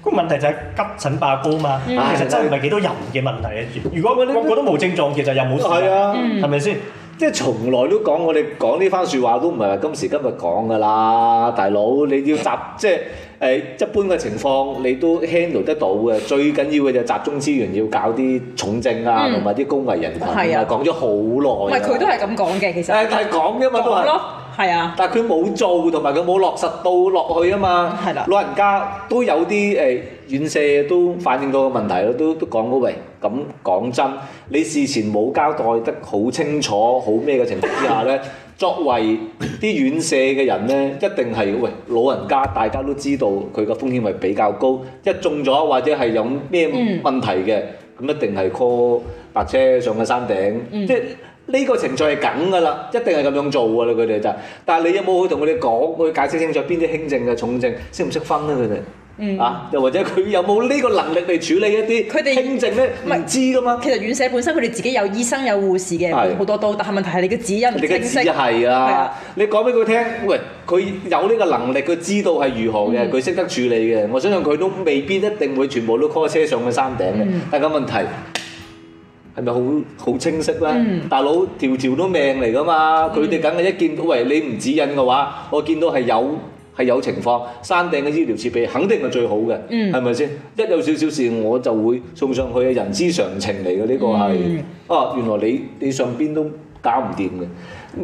個問題就係急診爆高啊嘛。嗯哎、其實真係唔係幾多人嘅問題啊。如果個個都冇症狀，其實又冇事，係咪先？即係從來都講，我哋講呢番説話都唔係話今時今日講噶啦，大佬，你要集即係誒一般嘅情況，你都 handle 得到嘅。最緊要嘅就係集中資源要搞啲重症啊，同埋啲高危人群呀，講咗好耐。唔係佢都係咁講嘅，其實誒係講嘅嘛，都係講咯，係啊。但係佢冇做，同埋佢冇落實到落去啊嘛。係啦，老人家都有啲誒院舍都反映到個問題咯，都都講過嚟。咁講真，你事前冇交代得好清楚、好咩嘅情況之下呢？ 作為啲院舍嘅人呢，一定係喂老人家，大家都知道佢個風險係比較高，一中咗或者係有咩問題嘅，咁、嗯、一定係 call 白車上嘅山頂，嗯、即係呢、呢個程序係梗噶啦，一定係咁樣做噶啦佢哋就是，但係你有冇去同佢哋講，去解釋清楚邊啲輕症嘅重症，識唔識分咧佢哋？啊，又、嗯、或者佢有冇呢個能力嚟處理一啲佢傾正咧？唔係知噶嘛。其實院舍本身佢哋自己有醫生有護士嘅，好的多都。但係問題係你嘅指引清晰。你嘅指引係啦，你講俾佢聽，喂，佢有呢個能力，佢知道係如何嘅，佢識、嗯、得處理嘅。我相信佢都未必一定會全部都 call 車上去山頂嘅。嗯、但係個問題係咪好好清晰咧？嗯、大佬條條都命嚟噶嘛，佢哋梗係一見到，喂，你唔指引嘅話，我見到係有。係有情況，山頂嘅醫療設備肯定係最好嘅，係咪先？一有少少事，我就會送上去，人之常情嚟嘅呢個係。哦、嗯啊，原來你你上邊都搞唔掂嘅，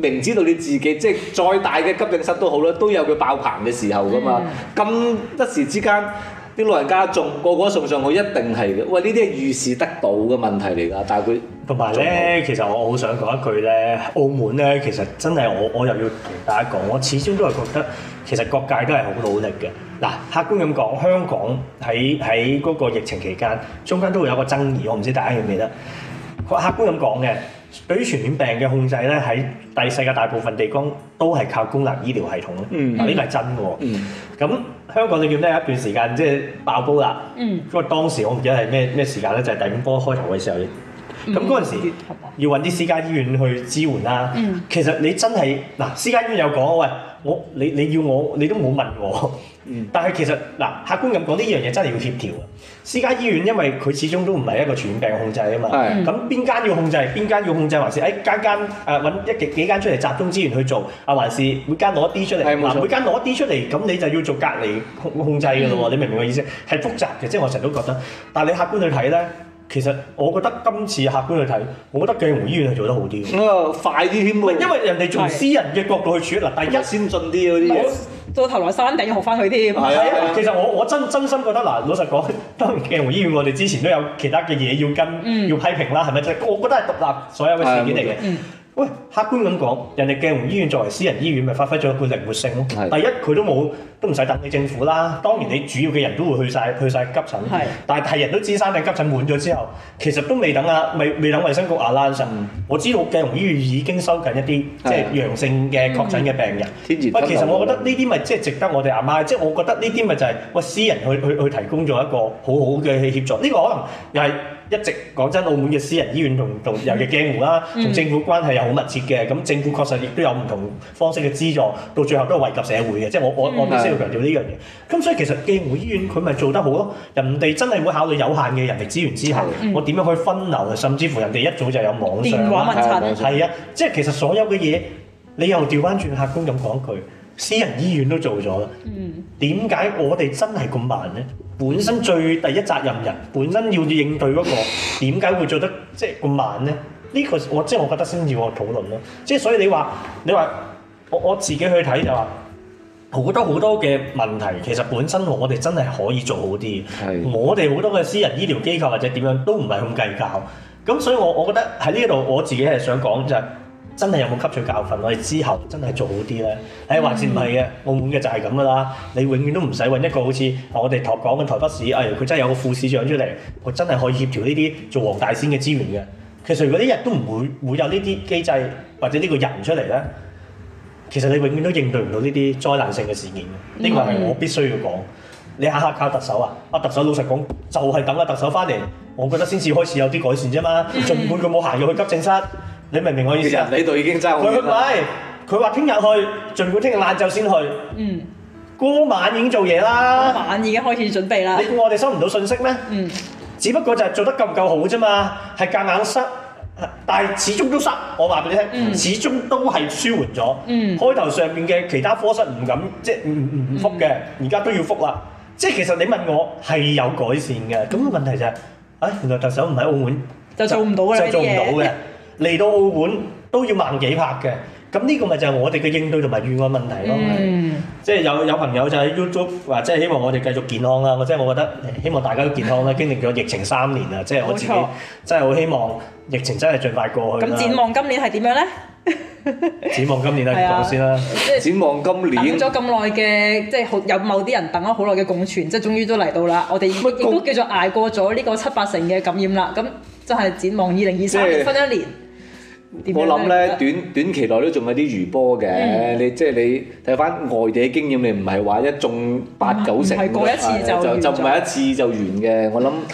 明知道你自己即係再大嘅急病室都好啦，都有佢爆棚嘅時候㗎嘛。咁、嗯、一時之間，啲老人家仲個個送上去，一定係嘅。喂、哎，呢啲係預示得到嘅問題嚟㗎，但係佢同埋咧，其實我好想講一句咧，澳門咧，其實真係我我又要同大家講，我始終都係覺得。其實各界都係好努力嘅。嗱，客觀咁講，香港喺喺嗰個疫情期間，中間都會有個爭議，我唔知大家記唔記得。客客觀咁講嘅，對於傳染病嘅控制咧，喺大世界大部分地方都係靠公立醫療系統。嗱，呢個係真㗎。嗯、mm。咁、hmm. 香港你見咧一段時間即係爆煲啦。嗯、mm。Hmm. 因為當時我唔記得係咩咩時間咧，就係、是、第五波開頭嘅時候。咁嗰陣時要揾啲私家醫院去支援啦。嗯、其實你真係嗱，私家醫院有講，喂，我你你要我，你都冇問我。嗯、但係其實嗱，客觀咁講，呢樣嘢真係要協調。私家醫院因為佢始終都唔係一個傳染病控制啊嘛。咁邊、嗯、間要控制，邊間要控制，還是誒間間誒揾一幾幾間出嚟集中資源去做啊？還是每間攞啲出嚟、嗯、每間攞一啲出嚟，咁你就要做隔離控控制㗎咯喎？嗯、你明唔明我意思？係複雜嘅，即係我成日都覺得。但係你客觀去睇咧。其實我覺得今次客觀去睇，我覺得鏡湖醫院係做得好啲、啊，快啲添，唔係，因為人哋從私人嘅角度去處理嗱，的第一先進啲嗰啲，到頭來山頂學翻去添。係啊，其實我我真真心覺得嗱，老實講，當然鏡湖醫院我哋之前都有其他嘅嘢要跟、嗯、要批評啦，係咪真？我覺得係獨立所有嘅事件嚟嘅。喂，客觀咁講，人哋鏡湖醫院作為私人醫院，咪發揮咗一個靈活性咯。的第一，佢都冇，都唔使等你政府啦。當然，你主要嘅人都會去晒去曬急診。的但係係人都知，山頂急診滿咗之後，其實都未等啊，未未等衞生局阿拉神。我知道鏡湖醫院已經收緊一啲的即係陽性嘅確診嘅病人。喂、嗯，其實我覺得呢啲咪即係值得我哋阿媽，媽，即、就、係、是、我覺得呢啲咪就係喂私人去去去提供咗一個好好嘅協助。呢、這個可能又、就、係、是。一直講真，澳門嘅私人醫院同同尤其嘅鏡湖啦，同政府關係又好密切嘅，咁、嗯、政府確實亦都有唔同方式嘅資助，到最後都係惠及社會嘅，即係我、嗯、我我必須要強調呢樣嘢。咁是的、嗯、所以其實鏡湖醫院佢咪做得好咯？人哋真係會考慮有限嘅人力資源之下，嗯、我點樣去分流，甚至乎人哋一早就有網上啦，係啊，即係其實所有嘅嘢，你又調翻轉客觀咁講佢。私人醫院都做咗啦，點解我哋真係咁慢呢？本身最第一責任人，本身要應對嗰個，點解會做得即係咁慢呢？呢個我即係我覺得先要我討論咯。即係所以你話，你話我我自己去睇就話，好多好多嘅問題其實本身我哋真係可以做好啲是的 我哋好多嘅私人醫療機構或者點樣都唔係咁計較。咁所以我我覺得喺呢度我自己係想講就係。真係有冇吸取教訓？我哋之後真係做好啲咧。誒，還是唔係嘅？澳門嘅就係咁噶啦。你永遠都唔使揾一個好似我哋講緊台北市，誒、哎，佢真係有個副市長出嚟，佢真係可以協調呢啲做黃大仙嘅資源嘅。其實如果一日都唔會會有呢啲機制或者呢個人出嚟呢？其實你永遠都應對唔到呢啲災難性嘅事件呢、呢個係我必須要講。你下下靠特首啊！阿特首老實講，就係等阿特首翻嚟，我覺得先至開始有啲改善啫嘛。儘管佢冇行入去急症室。你明唔明我意思啊？呢度已經爭好大。唔係，佢話聽日去，儘管聽日晏晝先去。嗯，過晚已經做嘢啦。過晚已經開始準備啦。你估我哋收唔到信息咩？嗯，只不過就係做得夠唔夠好啫嘛。係夾硬，硬塞，但係始終都塞。我話俾你聽，嗯、始終都係舒緩咗。嗯，開頭上邊嘅其他科室唔敢，即係唔唔唔復嘅，而家、嗯、都要復啦。即係其實你問我係有改善嘅。咁問題就係、是，啊、哎，原來特首唔喺澳門，就做唔到嘅 就做唔到嘅。 嚟到澳門都要萬幾拍嘅，咁呢個咪就係我哋嘅應對同埋預案問題咯。嗯、即係有有朋友就喺 YouTube 話，即係希望我哋繼續健康啦。我即係我覺得，希望大家都健康啦。經歷咗疫情三年啦，即係我自己錯真係好希望疫情真係盡快過去啦。咁展望今年係點樣咧？ 展望今年啊，講先啦。展望今年等咗咁耐嘅，即係好有某啲人等咗好耐嘅共存，即係終於都嚟到啦。我哋亦都叫做捱過咗呢個七八成嘅感染啦。咁就係展望二零二三年分一年。呢我諗咧，短短期內都仲有啲餘波嘅。嗯、你即係、就是、你睇翻外地嘅經驗，你唔係話一中八九成，就就唔係一次就完嘅。我諗。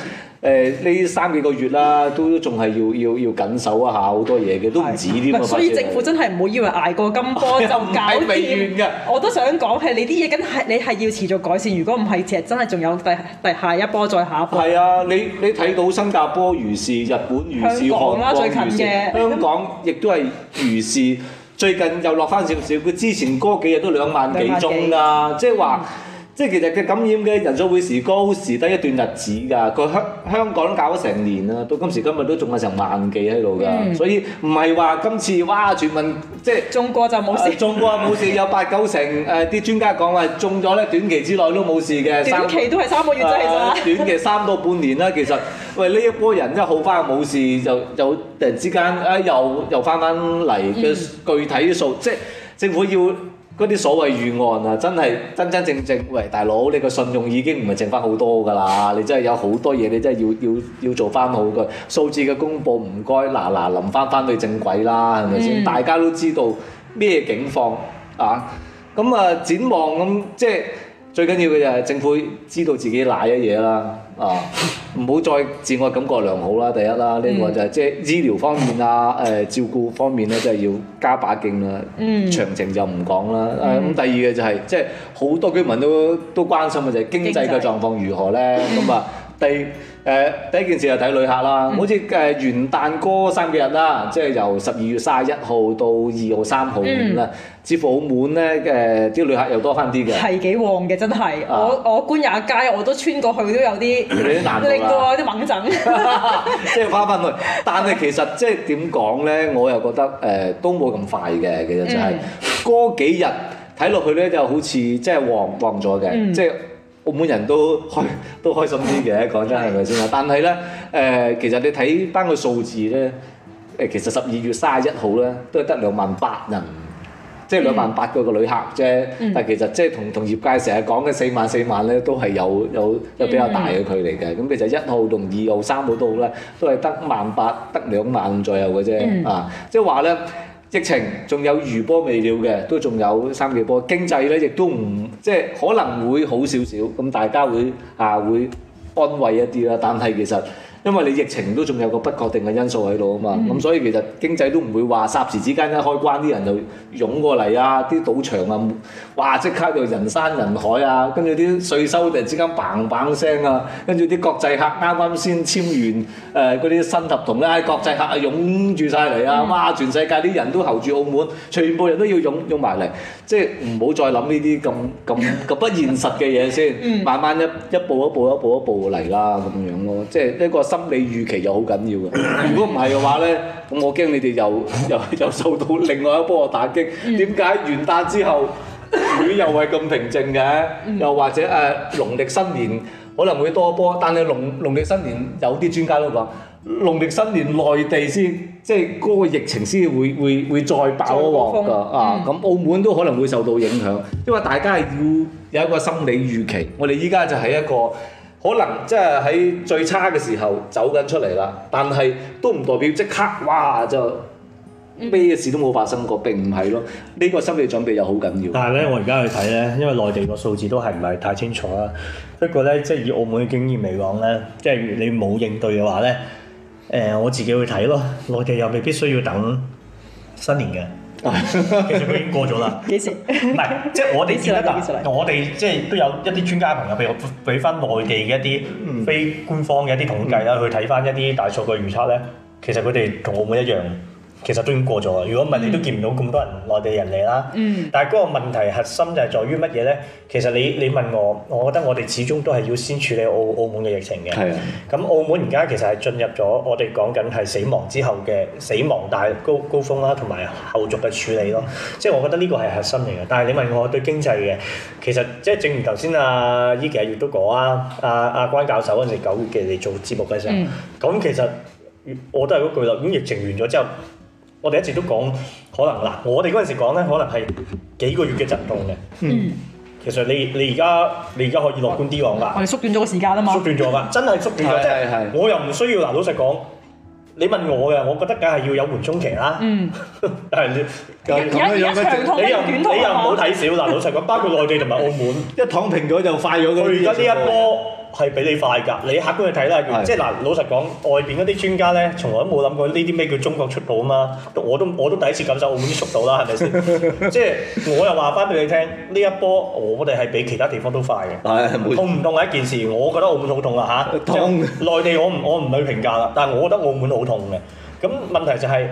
誒呢三幾個月啦，都仲係要要要緊守一下好多嘢嘅，都唔止啲。的發射 所以政府真係唔好以為捱過金波就 搞掂定。我都想講係你啲嘢，梗係你係要持續改善。如果唔係，其實真係仲有第第下一波再下一波。係啊，你你睇到新加坡如是，日本如是，韓國如是，最近嘅香港亦都係如是。最近又落翻少少，佢之前嗰幾日都兩萬幾宗啦，百即係話。嗯即係其實佢感染嘅人數會時高時低一段日子㗎，佢香香港搞咗成年啦，到今時今日都仲係成萬幾喺度㗎，嗯、所以唔係話今次哇全民即係中過就冇事，啊，中過冇事， 中過冇事有八九成誒啲、呃、專家講話中咗咧短期之內都冇事嘅，短期都係三個月啫係咋，啊、短期三到半年啦， 其實喂呢一波人一好翻冇事就就，就突然之間啊、呃、又又翻返嚟嘅具體數、嗯，即係政府要。嗰啲所謂預案啊，真係真真正正，喂大佬，你個信用已經唔係剩翻好多㗎啦，你真係有好多嘢，你真係要要要做翻好多數字嘅公佈，唔該嗱嗱臨翻翻到正軌啦，係咪先？嗯、大家都知道咩境況啊？咁啊、呃、展望咁、呃、即係。最緊要嘅就係政府知道自己賴咗嘢啦， 啊，唔好再自我感覺良好啦，第一啦，呢、這、外、個、就係即係醫療方面啊，誒、 呃、照顧方面咧，即係要加把勁啦，詳、嗯、情就唔講啦，誒咁、嗯啊、第二嘅就係即係好多居民都、嗯、都關心嘅就係經濟嘅狀況如何咧，咁啊。第誒第一件事就睇旅客啦，嗯、好似誒元旦嗰三幾日啦，即係由十二月卅一號到二號三號咁啦，似乎澳門咧誒啲旅客又多翻啲嘅，係幾旺嘅真係、啊。我我觀下街，我都穿過去都有啲，令到啲蚊疹，即係翻返去。但係其實即係點講咧，我又覺得誒都冇咁快嘅，其實就係嗰、嗯、幾日睇落去咧就好似、嗯、即係旺旺咗嘅，即係。澳門人都開都開心啲嘅，講真係咪先啊？ 但係咧，誒、呃，其實你睇翻個數字咧，誒，其實十二月卅一號咧都係得兩萬八人，嗯、即係兩萬八個個旅客啫。嗯、但係其實即係同同業界成日講嘅四萬四萬咧，都係有有有比較大嘅距離嘅。咁、嗯、其實一號同二號、三號都好啦，都係得萬八，得兩萬左右嘅啫、嗯、啊！即係話咧。疫情仲有餘波未了嘅，都仲有三、幾波。經濟咧，亦都唔即係可能會好少少，咁大家會啊會安慰一啲啦。但係其實。因為你疫情都仲有個不確定嘅因素喺度啊嘛，咁、嗯、所以其實經濟都唔會話霎時之間一開關啲人就湧過嚟啊，啲賭場啊，哇即刻就人山人海啊，跟住啲稅收突然之間嘭嘭聲啊，跟住啲國際客啱啱先簽完誒嗰啲新合同呢，國際客啊湧住晒嚟啊，嗯、哇全世界啲人都候住澳門，全部人都要湧湧埋嚟，即係唔好再諗呢啲咁咁咁不現實嘅嘢先，嗯、慢慢一,一步一步一步一步嚟啦咁樣咯、啊，即係一個。心理預期又好緊要嘅，如果唔係嘅話呢，咁我驚你哋又又又，又受到另外一波嘅打擊。點解元旦之後會又係咁平靜嘅？又或者誒農曆新年可能會多一波，但係農農曆新年有啲專家都講，農曆新年內地先即係嗰個疫情先會會會再爆一鑊嘅啊！咁、嗯、澳門都可能會受到影響，因為大家係要有一個心理預期。我哋依家就係一個。可能即係喺最差嘅時候走緊出嚟啦，但係都唔代表即刻哇，就咩事都冇發生過，並唔係咯，呢、呢個心理準備又好緊要。但係咧，我而家去睇咧，因為內地個數字都係唔係太清楚啦。不過咧，即係以澳門嘅經驗嚟講咧，即係你冇應對嘅話咧，誒、呃、我自己去睇咯。內地又未必需要等新年嘅。 其實佢已經過咗啦。幾 時？唔 係，即、就、係、是、我哋見得， 我哋即係都有一啲專家朋友，譬如俾翻內地嘅一啲非官方嘅一啲統計啦，嗯、去睇翻一啲大數據預測咧，嗯、其實佢哋同澳門一樣。其實都已經過咗啦。如果唔係，你都見唔到咁多人、mm hmm. 內地人嚟啦。但係嗰個問題核心就係在於乜嘢咧？其實你你問我，我覺得我哋始終都係要先處理澳澳門嘅疫情嘅。咁、mm hmm. 澳門而家其實係進入咗我哋講緊係死亡之後嘅死亡大高高峯啦，同埋後續嘅處理咯。即係我覺得呢個係核心嚟嘅。但係你問我，我對經濟嘅，其實即係正如頭先阿依期阿亦都講啊，阿、啊、阿、啊、關教授嗰陣九月嘅嚟做節目嘅時候，咁、mm hmm. 其實我都係嗰句啦。咁疫情完咗之後。我哋一直都講可能嗱，我哋嗰陣時講咧，可能係幾個月嘅陣痛嘅。嗯，其實你你而家你而家可以樂觀啲講㗎，我哋縮短咗個時間啊嘛，縮短咗㗎， 真係縮短咗。即對我又唔需要嗱，老實講，你問我嘅，我覺得梗係要有緩衝期啦。嗯，係，你又咁樣樣嘅，你又你又唔好睇少嗱， 老實講，包括內地同埋澳門， 一躺平咗就快咗㗎啦，而家呢一波。係比你快㗎，你客觀去睇啦，即係嗱，老實講，外邊嗰啲專家咧，從來都冇諗過呢啲咩叫中國速度啊嘛，我都我都第一次感受澳門啲速度啦，係咪先？ 即係我又話翻俾你聽，呢一波我哋係比其他地方都快嘅。 痛唔痛係一件事，我覺得澳門好痛啊嚇！痛。 內地我唔我唔去評價啦，但係我覺得澳門好痛嘅。咁問題就係，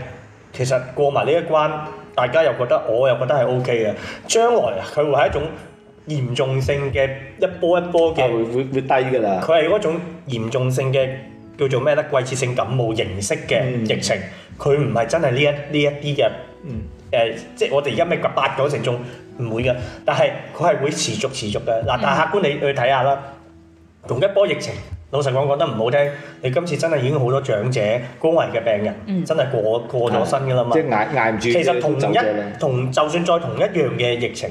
其實過埋呢一關，大家又覺得我又覺得係 O K 嘅，將來佢會係一種。嚴重性嘅一波一波嘅，會會會低㗎啦。佢係嗰種嚴重性嘅叫做咩咧？季節性感冒形式嘅疫情，佢唔係真係呢一呢一啲嘅，嗯誒，即係我哋而家咩八九成重唔會嘅，但係佢係會持續持續嘅。嗱，但係客觀你去睇下啦，同一波疫情，老實講講得唔好聽，你今次真係已經好多長者高危嘅病人，真係過過咗身㗎啦嘛。即係捱捱唔住，其實同一同就算再同一樣嘅疫情。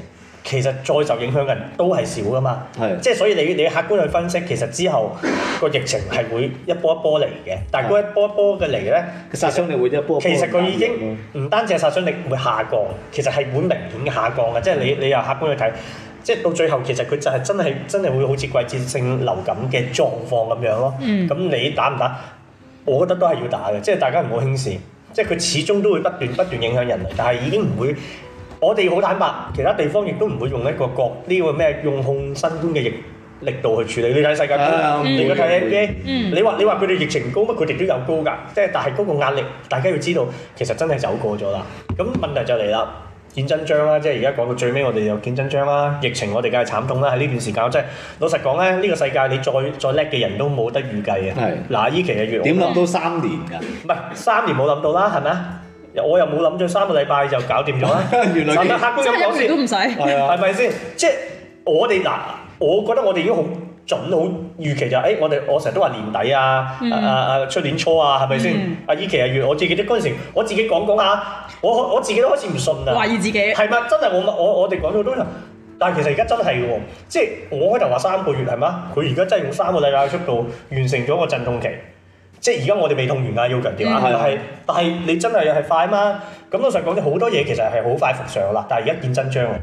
其實再受影響嘅人都係少噶嘛，是的 即係所以你你客觀去分析，其實之後個疫情係會一波一波嚟嘅。但係嗰一波一波嘅嚟咧，的實殺傷力會一波一波。其實佢已經唔單隻係殺傷力會下降，其實係會明顯下降嘅。嗯、即係你你又客觀去睇，即係到最後其實佢就係真係真係會好似季節性流感嘅狀況咁樣咯。咁、嗯、你打唔打？我覺得都係要打嘅，即係大家唔好輕視。即係佢始終都會不斷不斷影響人類，但係已經唔會。我哋好坦白，其他地方亦都唔會用一個國呢個咩用控新冠嘅力度去處理。你睇世界，你睇 NBA，你話你話佢哋疫情高乜？佢哋都有高㗎，即係但係嗰個壓力，大家要知道，其實真係走過咗啦。咁問題就嚟啦，見真章啦，即係而家講到最尾，我哋又見真章啦。疫情我哋梗係慘痛啦，喺呢段時間，即係老實講咧，呢個世界你再再叻嘅人都冇得預計是啊。嗱，依期嘅月點諗都三年㗎，唔係 三年冇諗到啦，係咪啊？我又冇諗咗三個禮拜就搞掂咗 原來即係三個月都唔使，係咪先？即係我哋，嗱，我覺得我哋已經好準好預期就誒、是哎，我哋我成日都話年底啊，嗯、啊啊出年初啊，係咪先？啊依、嗯、期啊月，我記記得嗰時，我自己講講下，我自己都開始唔信啦，懷疑自己係咪真係我我我哋講咗都，但其實而家真係喎，即係我開頭話三個月係嗎？佢而家真係用三個禮拜嘅速度完成咗個陣痛期。即係而家我哋未痛完啊，要強調啊，係係，但係你真係又係快啊嘛！咁我想講啲好多嘢其實係好快復常啦，但係而家見真章啊！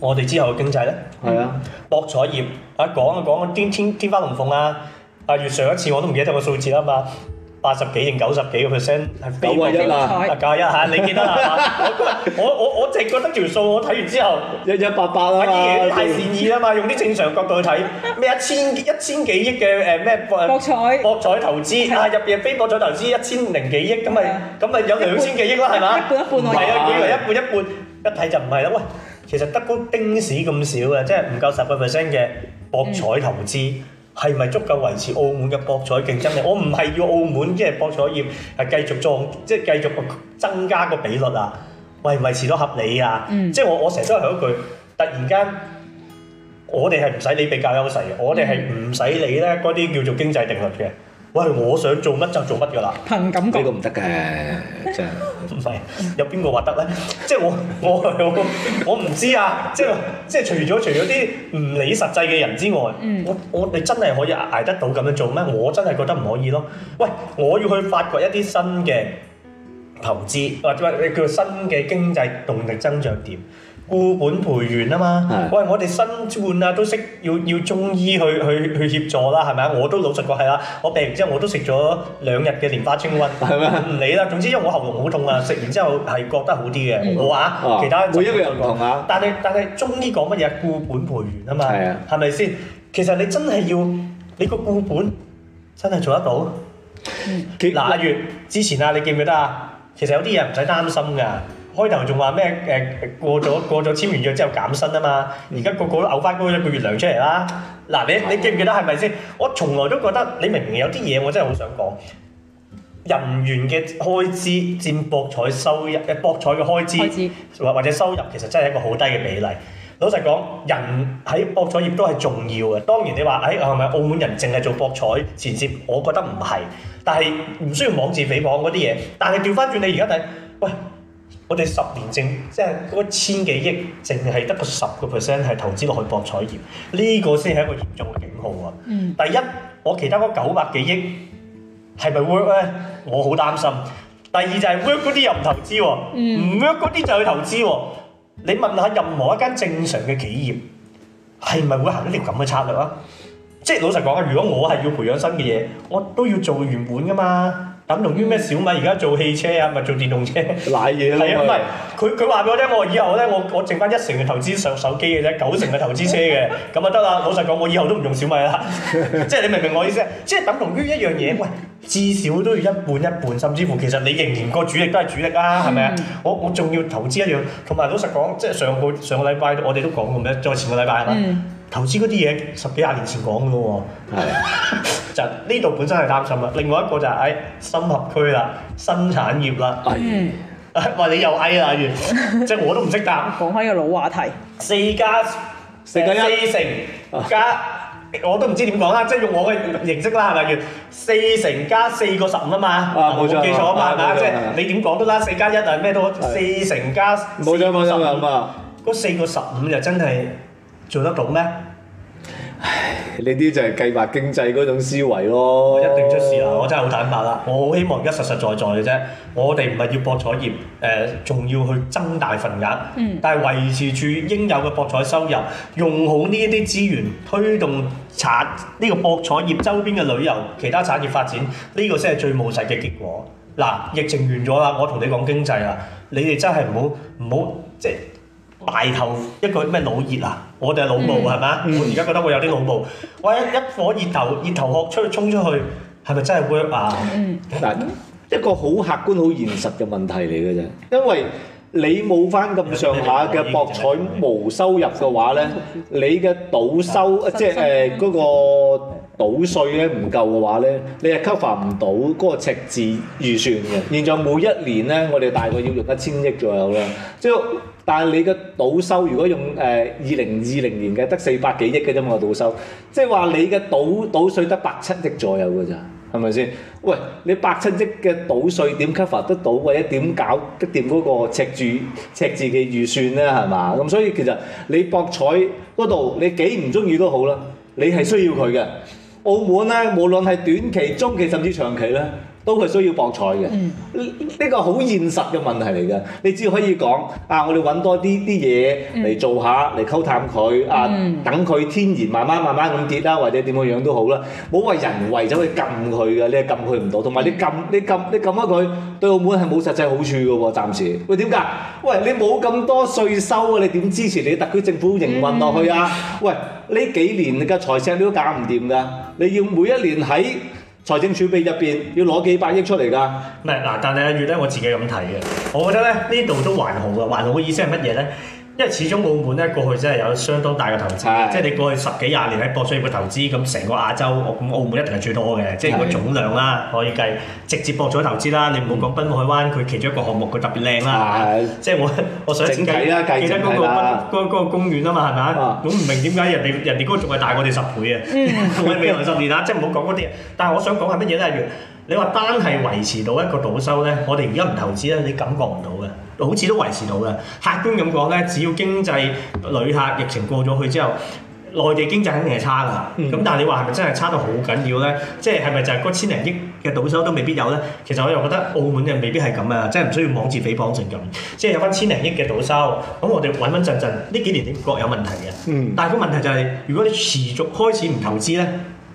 我哋之後嘅經濟咧，係是啊，博彩業啊，講啊講，天天天花龍鳳啊，啊越上一次我都唔記得個數字啦嘛。八十幾定九十幾個 percent 係百分之一，百一下，你記得啦。我我我淨覺得條數，我睇完之後，一一八八啊嘛，善意啊嘛，用啲正常角度去睇，咩一千一千幾億嘅博彩投資，啊入邊非博彩投資一千零幾億，咁咪咁咪有兩千幾億啦，係嘛？一半一半，我以為一半一半，一睇就唔係啦。喂，其實得個丁屎咁少嘅，即係唔夠十個 percent 嘅博彩投資。係咪足夠維持澳門嘅博彩競爭力？我唔係要澳門即係博彩業係繼續撞，即係繼續增加個比率啊，維唔維持到合理啊。嗯、即係我我成日都係嗰句，突然間我哋係唔使理比較優勢嘅，我哋係唔使理咧嗰啲叫做經濟定律嘅。喂，我想做乜就做乜噶啦，憑感覺都唔得嘅？真係唔係？有邊個話得咧？ 即係我，我我唔知啊！即係即係除咗除咗啲唔理實際嘅人之外，嗯、我我你真係可以捱得到咁樣做咩？我真係覺得唔可以咯。喂，我要去發掘一啲新嘅投資，或者話你叫新嘅經濟動力增長點。固本培元啊嘛，是的 喂，我哋新冠啊都識要要中醫去去去協助啦，係咪啊？我都老實講係啦，我病完之後我都食咗兩日嘅蓮花清瘟，唔理啦。總之因為我喉嚨好痛啊，食完之後係覺得好啲嘅，冇啊，其他每一個人都、啊、但係但係中醫講乜嘢？固本培元啊嘛，係咪先？其實你真係要你個固本真係做得到。嗱、嗯，阿月、啊、之前啊，你記唔記得啊？其實有啲嘢唔使擔心㗎。開頭仲話咩？誒，過咗過咗簽完約之後減薪啊嘛！而家個個都嘔翻高一個月糧出嚟啦。嗱，你你記唔記得係咪先？我從來都覺得你明明有啲嘢，我真係好想講人員嘅開支佔博彩收入誒，博彩嘅開支或支或者收入其實真係一個好低嘅比例。老實講，人喺博彩業都係重要嘅。當然你話誒，係咪澳門人淨係做博彩前線？我覺得唔係，但係唔需要妄自菲薄嗰啲嘢。但係調翻轉你而家睇，喂～我哋十年淨，即係嗰千幾億淨係得個十個 percent 係投資落去博彩業，呢、呢個先係一個嚴重嘅警號啊！嗯、第一，我其他嗰九百幾億係咪 work 咧？我好擔心。第二就係 work 嗰啲又唔投資喎，唔、嗯、work 嗰啲就去投資喎。你問下任何一間正常嘅企業，係咪會行一條咁嘅策略啊？即係老實講啊，如果我係要培養新嘅嘢，我都要做原本噶嘛。等同於咩？小米而家做汽車啊，咪做電動車。賴嘢啦，係啊，唔係佢佢話俾我聽，我以後咧，我我剩翻一成嘅投資上手機嘅啫，九成嘅投資車嘅，咁啊得啦。老實講，我以後都唔用小米啦。 即係你明唔明我意思啊？即係等同於一樣嘢，喂，至少都要一半一半，甚至乎其實你仍然個主力都係主力啊，係咪啊？我我仲要投資一樣，同埋老實講，即係上個上個禮拜我哋都講過咩？再前個禮拜係嘛？是投資嗰啲嘢十幾廿年前講嘅咯喎，就呢度本身係擔心啦。另外一個就係喺深合區啦、新產業啦，餵你又誒啦，阿元，即係我都唔識答。講返個老話題，四加四四成加，我都唔知點講啦。即係用我嘅形式啦，係咪叫四成加四個十五啊嘛，冇記錯啊嘛，係嘛？即係你點講都得，四加一啊咩都，四成加。冇咗冇錯，十五啊！嗰四個十五就真係。做得到咩？唉，呢啲就係計劃經濟嗰種思維咯。一定出事啦！我真係好坦白啦，我好希望而家實實在在嘅啫。我哋唔係要博彩業，誒、呃，仲要去增大份額，但係維持住應有嘅博彩收入，用好呢啲資源推動產呢、這個博彩業周邊嘅旅遊、其他產業發展，呢、這個先係最務實嘅結果。嗱，疫情完咗啦，我同你講經濟啊，你哋真係唔好唔好即.大頭一句咩腦熱啊？我哋係腦霧係咪啊？我而家覺得我有啲腦霧。 我一火熱頭熱頭殼出去衝出去，係咪真係會啊？嗱是， 一個好客觀好 現實嘅問題嚟嘅啫。因為你冇翻咁上下嘅博彩無收入嘅話咧，你嘅賭收 即係誒嗰個。賭稅咧唔夠嘅話咧，你係 cover 唔到嗰個赤字預算嘅。現在每一年咧，我哋大概要用一千億左右啦。即係，但係你嘅賭收如果用誒二零二零年嘅得四百幾億嘅啫嘛，賭收，即係話你嘅賭賭稅得百七億左右嘅咋，係咪先？喂，你百七億嘅賭稅點 cover 得到，或者點搞得掂嗰個赤字赤字嘅預算咧？係嘛？咁所以其實你博彩嗰度你幾唔中意都好啦，你係需要佢嘅。澳門咧，無論係短期、中期，甚至長期咧，都係需要博彩嘅，呢、嗯、個好現實嘅問題嚟嘅。你只可以講、啊、我哋揾多啲啲嘢嚟做下，嚟、嗯、溝淡佢、啊嗯、等佢天然慢慢慢慢咁跌啦，或者點個樣都好啦。唔好人為咗去撳佢嘅，你撳佢唔到。同埋你撳你撳你撳咗佢，對澳門係冇實際好處嘅喎。暫時喂點解？喂你冇咁多稅收啊，你點支持你特區政府營運落去啊？喂呢幾年嘅財政你都搞唔掂㗎，你要每一年喺財政儲備入邊要攞幾百億出嚟㗎？但係阿月我自己咁睇嘅，我覺得咧呢度都還好㗎，還好的意思係乜嘢呢？因為始終澳門咧過去真係有相當大嘅投資是的 即係你過去十幾廿年喺博彩業嘅投資，咁成個亞洲澳門澳門一定係最多嘅。是的 即係嗰個總量啦可以計，直接博彩投資啦，你唔好講濱海灣佢、嗯、其中一個項目佢特別靚啦，是的 即係我我想整啦計，記得嗰得嗰個公園嘛啊嘛係咪啊？唔明點解人哋人哋嗰個仲係大我哋十倍啊！我哋 未來十年啊，即係唔好講嗰啲，但係我想講係乜嘢咧？你話單係維持到一個賭收呢，我哋而家唔投資呢，你感覺唔到嘅，好似都維持到嘅。客觀咁講呢，只要經濟旅客疫情過咗去之後，內地經濟肯定係差啦。咁、嗯、但係你話係咪真係差到好緊要呢？即係係咪就係、是、嗰千零億嘅賭收都未必有呢？其實我又覺得澳門嘅未必係咁啊，即係唔需要妄自菲薄成咁。即、就、係、是、有返千零億嘅賭收，咁我哋穩穩陣陣呢幾年你覺有問題嘅。嗯、但係個問題就係、是，如果你持續開始唔投資呢。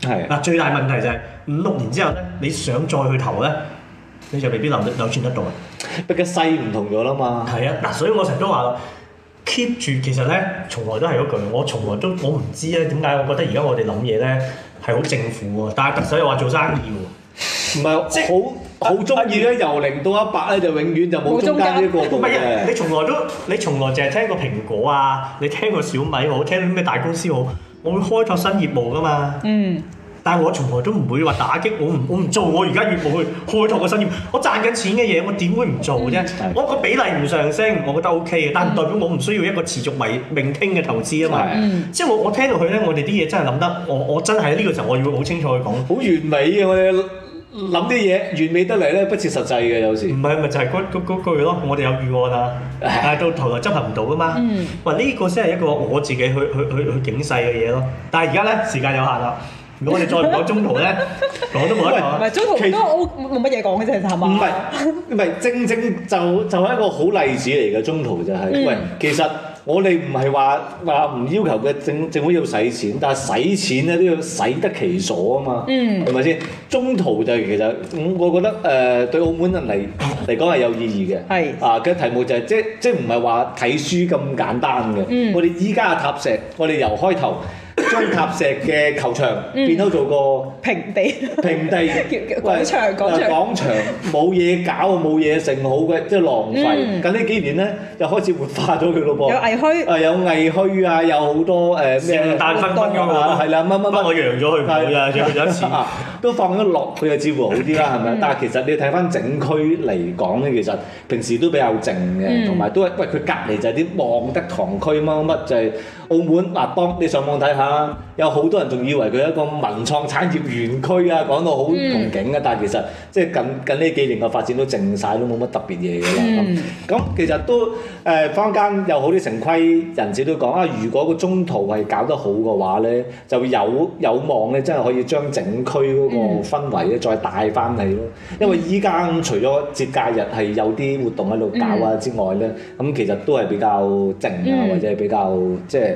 係嗱，是啊、最大問題就係五六年之後咧，你想再去投咧，你就未必留得扭轉得到啊！畢竟勢唔同咗啦嘛。係啊，嗱，所以我成日都話 keep 住，其實咧從來都係嗰句，我從來都我唔知咧點解，我覺得而家我哋諗嘢咧係好政府喎，但係特首又話做生意喎，唔係即係好好中意咧，由零到一百咧就永遠就冇中間呢一個嘅。你從來都你從來淨係聽過蘋果啊，你聽過小米好，聽咩大公司好。我會開拓新業務㗎嘛，嗯，但係我從來都唔會話打擊，我唔我唔做，我而家業務去開拓個新業務，我賺緊錢嘅嘢，我點會唔做啫？嗯、我個比例唔上升，我覺得 O K 嘅，嗯、但係唔代表我唔需要一個持續為命聽嘅投資啊嘛。對嗯、即係我我聽到佢咧，我哋啲嘢真係諗得，我我真係喺呢個時候我要好清楚去講，好完美嘅。我哋。諗啲嘢完美得嚟咧，不切實際嘅有時。唔係，咪就係、嗰、嗰句咯。我哋有預案啊， 但係到頭來執行唔到噶嘛。喂、嗯，呢、呃這個先係一個我自己去去去去警世嘅嘢咯。但係而家咧，時間有限啦。我哋 再唔講中途呢？我 都冇得講。唔係中途其實冇乜嘢講嘅啫，係嘛？唔係是，唔係實，正正就就係一個好例子嚟嘅。中途、嗯、就係、是，喂，其實我哋唔係話話唔要求嘅政政府要使錢，但係使錢呢都要使得其所啊嘛。嗯，係咪先？中途就其實，我我覺得誒對澳門人嚟嚟講係有意義嘅。係是 啊嘅題目就係、是、即即唔係話睇書咁簡單嘅。嗯、我哋依家嘅塔石，我哋由開頭。中塔石嘅球場變咗做個平地，平地廣場，廣場冇嘢搞啊，冇嘢剩，好嘅，即係浪費。近呢幾年咧，就開始活化咗佢咯噃。有藝墟，有藝墟啊，有好多誒咩大分分咁係啦，乜乜乜我養咗佢，係啊，養咗一次，都放咗落佢嘅，似乎好啲啦，係咪？但係其實你睇翻整區嚟講咧，其實平時都比較靜嘅，同埋都係喂佢隔離就係啲望德堂區乜乜就係。澳門麥當勞，你上網睇下。有好多人仲以為佢係一個文創產業園區啊，講到好憧憬啊，但係其實即係近近呢幾年嘅發展都靜晒，都冇乜特別嘢嘅。咁其實都誒坊間有好啲城規人士都講啊，如果個中途係搞得好嘅話咧，就有有望咧，真係可以將整區嗰個氛圍咧再帶翻嚟咯。因為依家咁除咗節假日係有啲活動喺度搞啊之外咧，咁其實都係比較靜啊，或者係比較即係。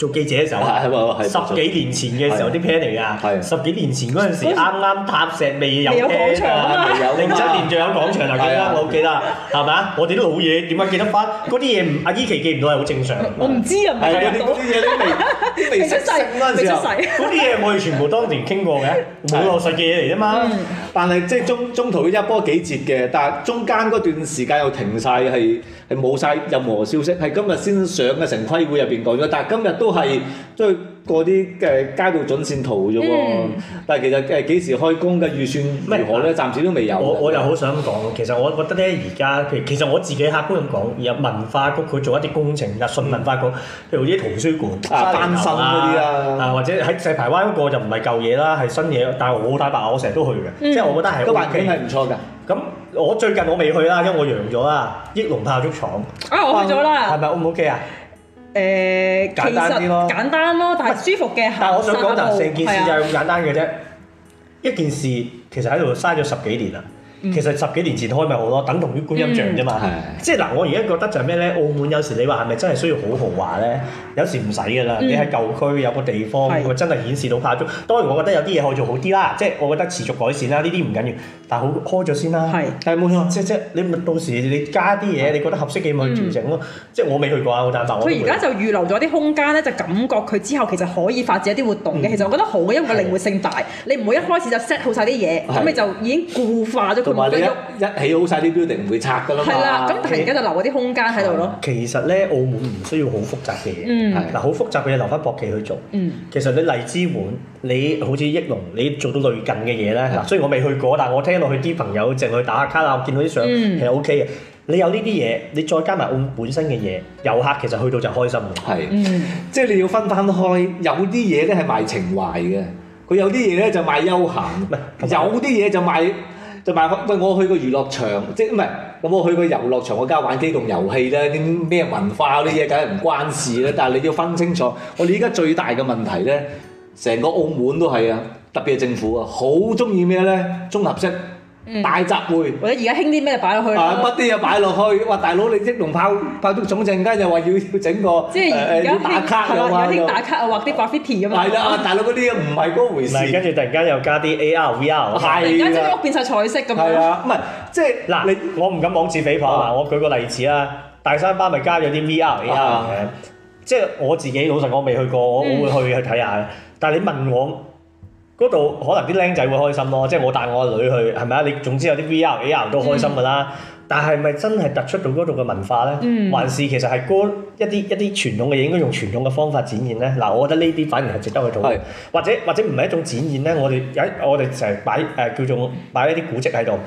做記者嘅時候，十幾年前嘅時候啲片嚟噶，十幾年前嗰陣時啱啱塔石未有廣場，零七年仲有廣場啊，記得，我記得，係咪啊？我哋啲老嘢，點解記得翻嗰啲嘢？阿依琪記唔到係好正常。我唔知啊，啲嘢都未出世嗰陣時候，嗰啲嘢我哋全部當年傾過嘅，冇落實嘅嘢嚟啫嘛。但係即係中中途一波幾折嘅，但係中間嗰段時間又停晒，係係冇晒任何消息，係今日先上嘅城規會入邊講咗，但係今日都。都係都係嗰啲嘅街道準線圖啫喎，嗯、但係其實誒幾時開工嘅預算如何咧？麼暫時都未有。我我又好想講，其實我覺得咧，而家其實我自己客觀咁講，又文化局佢做一啲工程，又信文化局，嗯、譬如啲圖書館翻新嗰啲啊，啊啊或者喺石排灣嗰個就唔係舊嘢啦，係新嘢。但係我大伯我成日都去嘅，即係、嗯、我覺得係環境係唔錯㗎。咁我最近我未去啦，因為我養咗啦，益隆炮竹廠啊，我去咗啦，係咪 O 唔 O K 啊？是誒，呃、簡單啲咯是，簡單咯，但係舒服嘅。但係我想講，但成件事就係咁簡單嘅啫。是的 一件事其實喺度嘥咗十幾年啦。嗯、其實十幾年前開咪好咯，等同於觀音像啫嘛。即係嗱，我而家覺得就係咩咧？澳門有時你話係咪真係需要好豪華咧？有時唔使噶啦。你喺舊區有個地方，佢會真係顯示到拍租。嗯、當然，我覺得有啲嘢可以做好啲啦。即係我覺得持續改善啦，呢啲唔緊要。但好開咗先啦，但係冇錯，即即你咪到時你加啲嘢，你覺得合適嘅咪去調整咯。即係我未去過啊，但係但佢而家就預留咗啲空間咧，就感覺佢之後其實可以發展一啲活動嘅。其實我覺得好嘅，因為佢靈活性大，你唔會一開始就 set 好晒啲嘢，咁你就已經固化咗佢。多一起好晒啲 building，唔會拆噶啦嘛。係啦，咁但係而家就留咗啲空間喺度咯。其實咧，澳門唔需要好複雜嘅嘢，嗱，好複雜嘅嘢留翻博企去做。其實你荔枝碗，你好似益隆，你做到類近嘅嘢咧。嗱，雖然我未去過，但我聽。去啲朋友，淨去打卡啦。我見到啲相其實 O K 嘅。你有呢啲嘢，你再加埋澳本身嘅嘢，遊客其實去到就開心嘅。係，即係你要分翻開。有啲嘢咧係賣情懷嘅，佢有啲嘢咧就賣休閒。有啲嘢麼就賣就賣。喂，我去過娛樂場，即係唔係？咁我去過遊樂場，我而家玩機動遊戲啦。啲咩文化嗰啲嘢梗係唔關事啦。但係你要分清楚。我哋而家最大嘅問題咧，成個澳門都係啊。特別係政府啊，好中意咩咧？綜合式大集會，或者而家興啲咩擺落去？乜都啲嘢擺落去，哇！大佬你即用跑跑到總，陣間又話要整個，即係而家打卡啊而家興打卡啊畫啲 graffiti 啊嘛。係啦，大佬嗰啲嘢唔係嗰回事，跟住突然間又加啲 AR VR，而家整個屋變晒彩色咁樣。係啊，唔係即係嗱，你我唔敢妄自菲薄嗱，我舉個例子啦，大三巴咪加咗啲 VR AR 嘅，即係我自己老實講，我未去過，我我會去去睇下嘅。但係你問我？嗰度可能啲僆仔會開心咯，即係我帶我個女去，係咪啊？你總之有啲 VR AR 都開心噶啦。Mm. 但係咪真係突出到嗰度嘅文化咧？Mm. 還是其實係一啲一啲傳統嘅嘢，應該用傳統嘅方法展現咧？嗱，我覺得呢啲反而係值得去做是嘅。或者或者唔係一種展現咧，我哋有我哋成日擺誒、呃、叫做擺一啲古蹟喺度，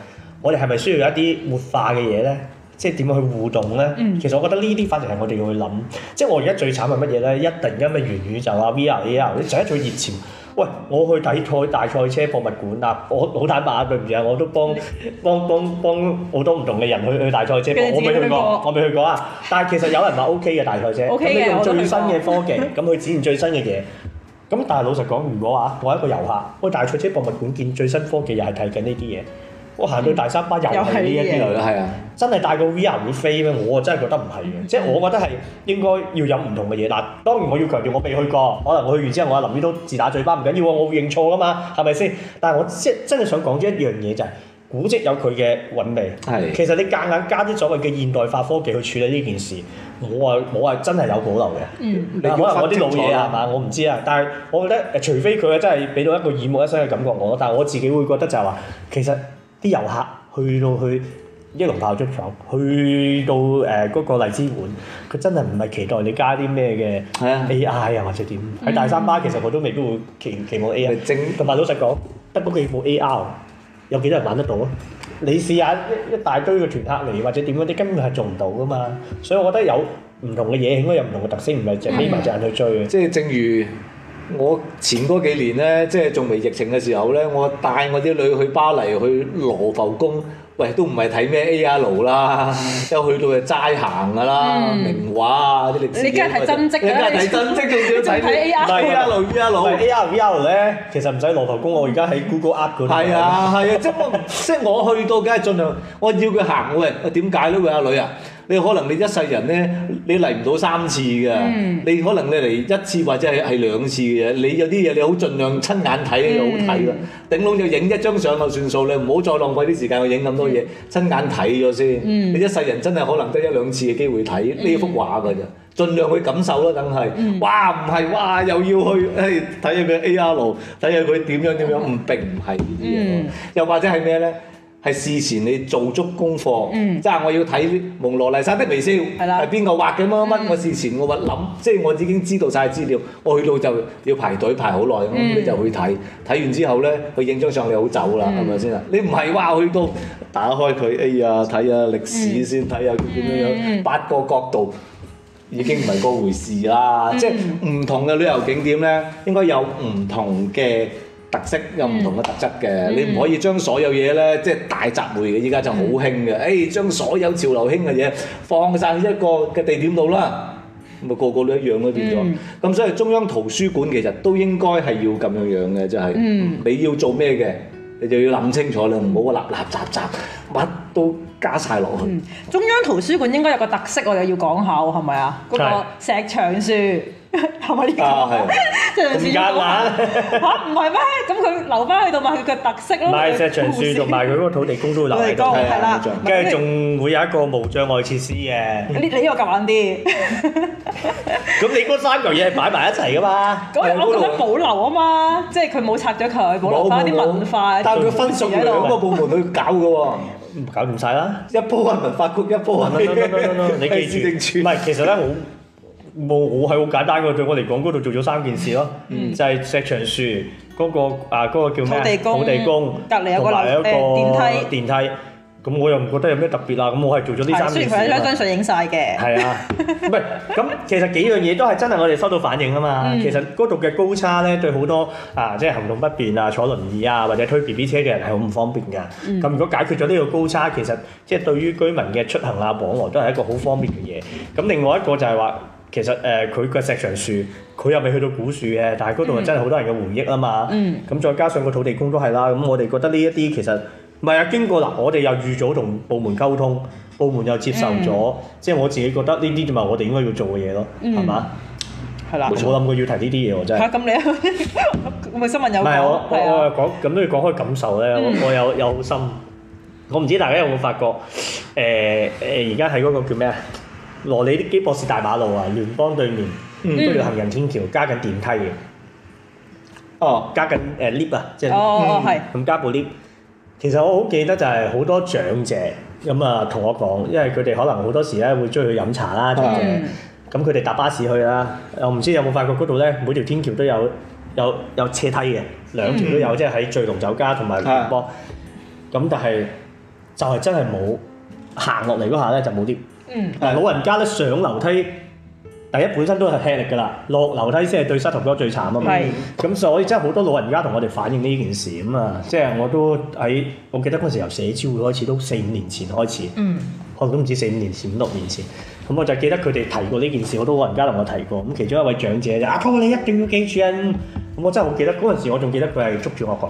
我哋係咪需要一啲活化嘅嘢咧？即係點樣去互動咧？嗯、其實我覺得呢啲反而係我哋要去諗。即係我而家最慘係乜嘢咧？一定因為元宇宙啊，VR AR 就一種熱潮。喂，我去睇賽大賽車博物館啊！我好坦白啊，對唔住啊，我都幫 幫幫幫好多唔同嘅人去去大賽車博。我未去過，我未去過啊！ 但係其實有人話 OK 嘅大賽車，咁 你用最新嘅科技，咁 去展現最新嘅嘢。咁但係老實講，如果啊，我係一個遊客，喂，大賽車博物館見最新科技，又係睇緊呢啲嘢。我行到大三巴又係呢一啲嚟嘅，啊、真係戴個 VR 會飛咩？我真係覺得唔係嘅，嗯、即係我覺得係應該要飲唔同嘅嘢。嗱，當然我要強調，我未去過，可能我去完之後，我阿林宇都自打嘴巴，唔緊要，我會認錯噶嘛，係咪先？但係我即係真係想講一樣嘢，就係、是、古蹟有佢嘅韻味。是的 其實你夾硬，硬加啲所謂嘅現代化科技去處理呢件事，我話我話真係有保留嘅、嗯。你可能我啲老嘢係嘛，嗯、我唔知啊。但係我覺得除非佢真係俾到一個耳目一新嘅感覺我，但係我自己會覺得就係、是、話其實。啲遊客去到去益隆炮竹廠，去到誒嗰、呃那個荔枝碗，佢真係唔係期待你加啲咩嘅 A I 啊或者點？喺、嗯、大三巴其實我都未必會期期望 A I，正同埋老實講，得嗰幾部 A R，有幾多人玩得到啊？你試下一一大堆嘅團客嚟或者點樣啲，根本係做唔到噶嘛。所以我覺得有唔同嘅嘢，應該有唔同嘅特色，唔係淨係眯埋隻眼去追。嘅、嗯，即係正如。我前嗰幾年呢，即係仲未疫情嘅時候呢，我帶我啲女去巴黎去羅浮宮，喂都唔係睇咩 A R L 啦，即係去到就齋行噶啦，名畫啊啲歷史。你梗係睇真跡嘅，你而家睇真跡仲少睇 A R V L AR V L 其實唔使羅浮宮，我而家喺 Google 噏佢。係啊係啊，啊啊 即係我，我去到梗係盡量，我要佢行嘅，點解咧？佢阿女啊？你可能你一世人咧，你嚟唔到三次㗎。嗯、你可能你嚟一次或者係係兩次嘅。你有啲嘢你好盡量親眼睇、嗯、就好睇㗎。頂籠就影一張相就算數啦，唔好再浪費啲時間去影咁多嘢。嗯、親眼睇咗先。嗯、你一世人真係可能得一兩次嘅機會睇呢、嗯、幅畫㗎咋，盡量去感受啦，梗係、嗯。哇，唔係，哇又要去，誒睇下佢 AR，睇下佢點樣點樣，唔、嗯、並唔係呢啲嘢。又或者係咩咧？係事前你做足功課，嗯、即係我要睇蒙羅麗莎的微笑係邊個畫嘅乜乜，我事前我話諗，即係、嗯、我已經知道晒資料，我去到就要排隊排好耐，咁你、嗯、就去睇，睇完之後咧，佢影張相你好走啦，係咪先啊？你唔係話，去到打開佢，哎呀睇下歷史先，睇下佢點樣樣，嗯、八個角度已經唔係嗰回事啦。嗯嗯、即係唔同嘅旅遊景點咧，應該有唔同嘅。特色有唔同嘅特質嘅。嗯、你唔可以將所有嘢咧，即、就、係、是、大雜燴嘅。依家就好興嘅，誒將、嗯、所有潮流興嘅嘢放曬一個嘅地點度啦，咁啊個個都一樣咯，變咗、嗯。咁所以中央圖書館其實都應該係要咁樣樣嘅，即、就、係、是嗯、你要做咩嘅，你就要諗清楚啦，唔好垃垃雜雜，乜都加晒落去、嗯。中央圖書館應該有個特色，我又要講下喎，係咪啊？嗰、那個石牆樹。係咪呢個石牆樹？吓？唔係咩？咁佢留翻去度咪佢嘅特色咯。唔係，埋石牆樹同埋佢嗰個土地公都會留喺度，係啦。跟住仲會有一個無障礙設施嘅。你你呢個夾硬啲。咁你嗰三樣嘢係擺埋一齊噶嘛？咁我覺得保留啊嘛，即係佢冇拆咗佢，保留翻啲文化。但佢分屬兩個部門去搞㗎喎，搞掂晒啦。一波係文化局，一波係。唔唔唔唔，你記住。唔係，其實咧我。冇，我係好簡單嘅。對我嚟講，嗰度做咗三件事咯，嗯、就係石牆樹嗰、嗰個啊，嗰、嗰個、叫咩？土地公。土地公。隔離有個樓，誒，電梯。電梯。咁梯我又唔覺得有咩特別啊。咁我係做咗呢三件事，佢喺張張相影晒嘅。係啊。唔咁 其實幾樣嘢都係真係我哋收到反應啊嘛。嗯、其實嗰度嘅高差咧，對好多啊，即、就、係、是、行動不便啊、坐輪椅啊或者推 B B 車嘅人係好唔方便嘅。咁、嗯、如果解決咗呢個高差，其實即係對於居民嘅出行啊、往來都係一個好方便嘅嘢。咁另外一個就係話。其實誒，佢、呃、個石牆樹，佢又未去到古樹嘅，但係嗰度又真係好多人嘅回憶啊嘛。咁、嗯、再加上個土地公都係啦，咁、嗯、我哋覺得呢一啲其實唔係啊。經過嗱、呃，我哋又預早同部門溝通，部門又接受咗，嗯、即係我自己覺得呢啲就係我哋應該要做嘅嘢咯，係嘛？係啦。冇諗過要提呢啲嘢喎，真係。嚇、啊！咁你係咪 新聞有講啊？唔係我，我講咁都要講開感受咧。我， 我有我有心，我唔知大家有冇發覺？誒、呃、誒，而家喺嗰個叫咩啊？羅理基博士大馬路啊，聯邦對面都要行人天橋，加緊電梯嘅。哦，加緊誒 lift 啊，即係咁加部 lift。其實我好記得就係好多長者咁啊，同我講，因為佢哋可能好多時咧會鍾意去飲茶啦，長者，咁佢哋搭巴士去啦。我唔知有冇發覺嗰度咧，每條天橋都有有有斜梯嘅，兩條都有，即係喺聚龍酒家同埋聯邦。咁但係就係真係冇行落嚟嗰下咧，就冇 lift。嗯，老人家咧上樓梯第一本身都係吃力㗎啦，落樓梯先係對膝頭哥最慘啊嘛。係、嗯，咁所以真係好多老人家同我哋反映呢件事咁啊，即係、嗯、我都喺，我記得嗰時由社招會開始，都四五年前開始，嗯，我都唔知四五年前，五六年前。咁、嗯、我就記得佢哋提過呢件事，好多老人家同我提過。咁其中一位長者就是、阿哥，你一定要記住啊！咁、嗯、我真係好記得嗰陣時，我仲記得佢係捉住我講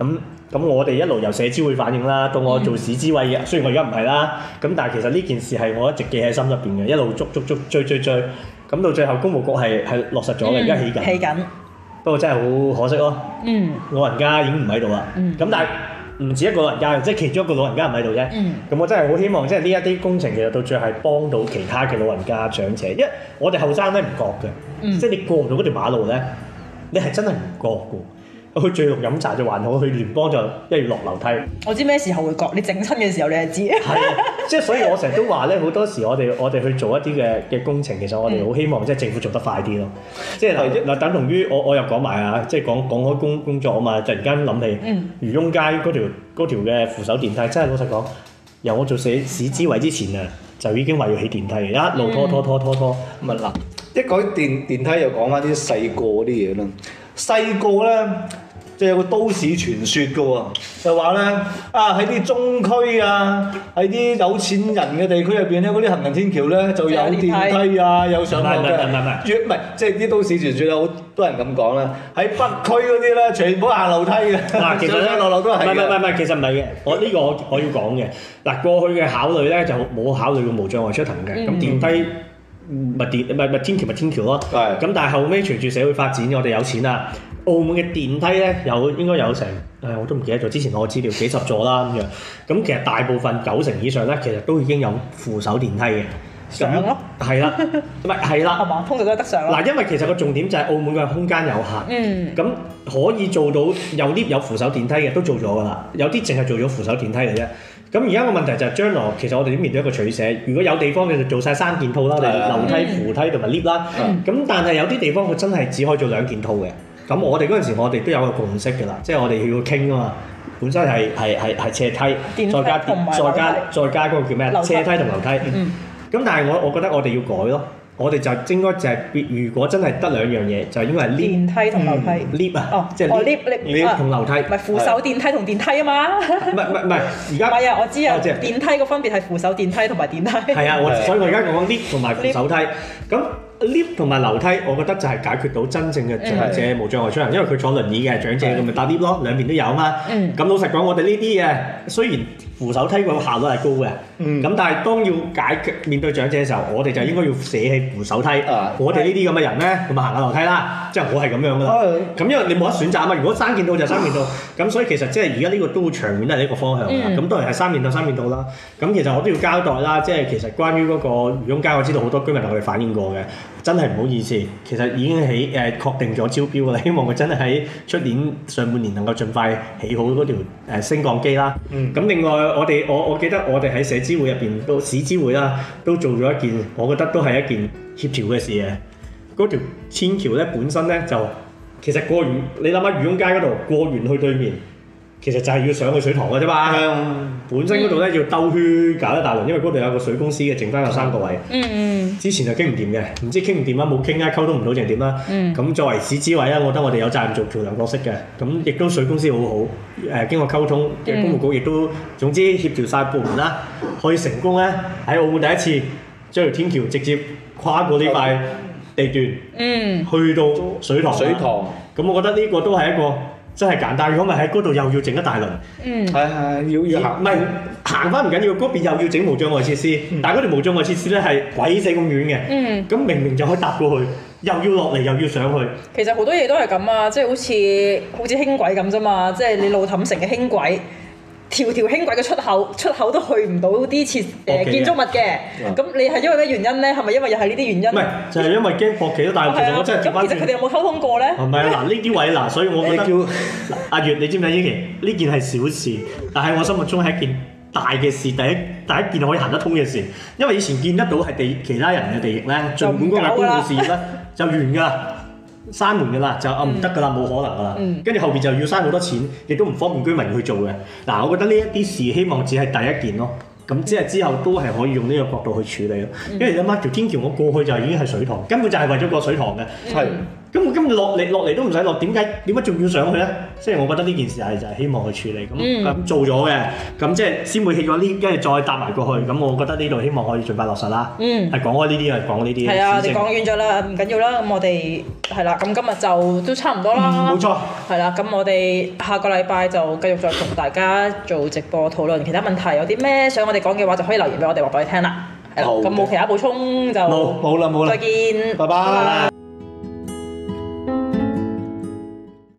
咁。嗯。咁我哋一路由社諮會反映啦，到我做市諮委，雖然我而家唔係啦，咁但係其實呢件事係我一直記喺心入邊嘅，一路捉捉捉追追追，咁到最後工務局係係落實咗嘅，而家起緊、嗯。起緊，不過真係好可惜咯。嗯，老人家已經唔喺度啦。嗯，咁但係唔止一個老人家，即係其中一個老人家唔喺度啫。嗯，咁我真係好希望，即係呢一啲工程其實到最後係幫到其他嘅老人家長者，因為我哋後生咧唔覺嘅，即係、嗯、你過唔到嗰條馬路咧，你係真係唔覺嘅。去聚肉飲茶就還好，去聯邦就一要落樓梯。我知咩時候會覺，你整親嘅時候你係知。係， 即係所以我成日都話咧，好多時我哋我哋去做一啲嘅嘅工程，其實我哋好希望即係政府做得快啲咯。嗯、即係嗱等同於我我又講埋啊，即係講講開工工作啊嘛，突然間諗起漁翁街嗰條嗰條嘅扶手電梯，真係老實講，由我做市市諮委之前啊，就已經話要起電梯，一路拖拖拖拖拖，拖，拖。咁啊嗱，一講電電，電梯又講翻啲細個啲嘢啦，細個咧。即係有個都市傳說嘅喎，就話咧啊喺啲中區啊，喺啲有錢人嘅地區入邊咧，嗰啲行人天橋咧就有電梯啊，有上落嘅。唔唔唔唔唔，越唔係即係啲都市傳說咧，好多人咁講啦。喺北區嗰啲咧，全部行樓梯嘅。唔，其實咧，落落都係唔係唔係唔係，其實唔係嘅。我呢個我我要講嘅嗱，過去嘅考慮咧就冇考慮過無障礙出行嘅，咁電梯唔係電唔係唔係天橋咪天橋咯。咁、嗯，但係後尾隨住社會發展，我哋有錢啦。澳門嘅電梯咧有應該有成，誒我都唔記得咗。之前我資料幾十座啦咁樣，咁其實大部分九成以上咧，其實都已經有扶手電梯嘅上咯了，係啦那，唔係係啦，通常都係得上啦了。嗱，因為其實個重點就係澳門嘅空間有限，咁、嗯、可以做到有 lift 有扶手電梯嘅都做咗㗎啦。有啲淨係做咗扶手電梯嘅啫。咁而家個問題就係將來，其實我哋點面對一個取捨？如果有地方你就做晒三件套啦，你樓梯、扶梯同埋 lift 啦。咁、嗯嗯、但係有啲地方佢真係只可以做兩件套嘅。咁我哋嗰陣時，我哋都有個共識㗎啦，即係我哋要傾啊嘛。本身係係係係斜梯，再加再加再加嗰個叫咩啊？斜梯同樓梯。咁但係我我覺得我哋要改咯，我哋就應該就係如果真係得兩樣嘢，就應該係 lift。電梯同樓梯 lift 啊，哦，即係 lift lift 同樓梯。唔係扶手電梯同電梯啊嘛。唔係唔係唔係，而家唔係啊！我知啊，電梯個分別係扶手電梯同埋電梯。係啊，我所以我而家講講 lift 同埋扶手梯咁。lift 同埋樓梯，我覺得就係解決到真正嘅長者、mm hmm. 無障礙出行，因為佢坐輪椅嘅長者，咁咪搭 lift 咯，兩邊都有啊嘛。咁、mm hmm. 老實講，我哋呢啲嘅雖然扶手梯個效率係高嘅，咁、mm hmm. 但係當要解決面對長者嘅時候，我哋就應該要捨棄扶手梯。Mm hmm. 我哋呢啲咁嘅人咧，咁咪行下樓梯啦。即、就、係、是、我係咁樣噶啦。咁、mm hmm. 因為你冇得選擇啊嘛。如果三件套就三件套。咁 所以其實即係而家呢個都長遠都係呢個方向咁，都係係三面道三面道啦。咁其實我都要交代啦，即係其實關於嗰個漁翁街，我知道好多居民同我哋反映過嘅。真係唔好意思，其實已經起誒確、呃、定咗招標啦，希望佢真係喺出年上半年能夠盡快起好嗰條升降機啦。咁、嗯、另外我哋我我記得我哋喺社支會入邊都市支會啦，都做咗一件，我覺得都係一件協調嘅事啊。嗰條天橋咧本身咧就其實過完，你諗下漁翁街嗰度過完去對面。其實就係要上去水塘嘅啫嘛，嗯、本身嗰度咧要兜圈搞一大輪，因為嗰度有個水公司嘅，剩翻有三個位。嗯，嗯之前就傾唔掂嘅，唔知傾唔掂啦，冇傾啊，溝通唔到定係點啦。咁、嗯、作為市之位啊，我覺得我哋有責任做橋梁角色嘅，咁亦都水公司好好。誒、呃，經過溝通，嘅公務局亦都、嗯、總之協調晒部門啦，可以成功咧喺澳門第一次將條天橋直接跨過呢塊地段，嗯，嗯去到水塘。水塘。咁我覺得呢個都係一個。真係簡單，如果咪喺嗰度又要整一大輪，嗯，係係要走要行走，唔係行翻唔緊要，嗰邊又要整無障礙設施，嗯、但係嗰條無障礙設施咧係鬼死咁遠嘅，嗯，咁明明就可以搭過去，又要落嚟又要上去。其實好多嘢都係咁啊，即係好似好似輕軌咁啫嘛，即係你路氹城嘅輕軌。 條條輕軌嘅出口，出口都去唔到啲設誒建築物嘅，咁 Okay. 你係因為咩原因咧？係咪因為又係呢啲原因？唔係就係、是、因為驚貨機都大。係、哦、其實我真係做翻。咁其實佢哋有冇溝通過咧？唔係啊，嗱呢啲位嗱， 所以我會叫 阿月，你知唔知呢期呢件係小事， 但係我心目中係一件大嘅事，第一第一件可以行得通嘅事，因為以前見得到係地其他人嘅地業咧，盡管個係公共事業咧就完㗎。 閂門嘅啦，就啊唔得嘅啦，冇、嗯、可能嘅啦。跟住、嗯、後邊就要嘥好多錢，亦都唔方便居民去做嘅。嗱，我覺得呢一啲事，希望只係第一件咯。咁只係之後都係可以用呢個角度去處理咯。因為阿媽條天橋，我過去就已經係水塘，根本就係為咗個水塘嘅。係、嗯。咁今日落嚟落嚟都唔使落，點解點解仲要上去咧？即係我覺得呢件事係就係希望去處理，咁咁做咗嘅，咁即係先會起咗呢，跟住再搭埋過去。咁我覺得呢度希望可以盡快落實啦。嗯，係講開呢啲啊，講呢啲。係啊，我哋講完咗啦，唔緊要啦。咁我哋係啦，咁今日就都差唔多啦。嗯，冇錯。係啦，咁我哋下個禮拜就繼續再同大家做直播討論其他問題，有啲咩想我哋講嘅話就可以留言俾我哋話俾你聽啦。好。咁冇其他補充就冇冇啦，冇啦。再見，拜拜。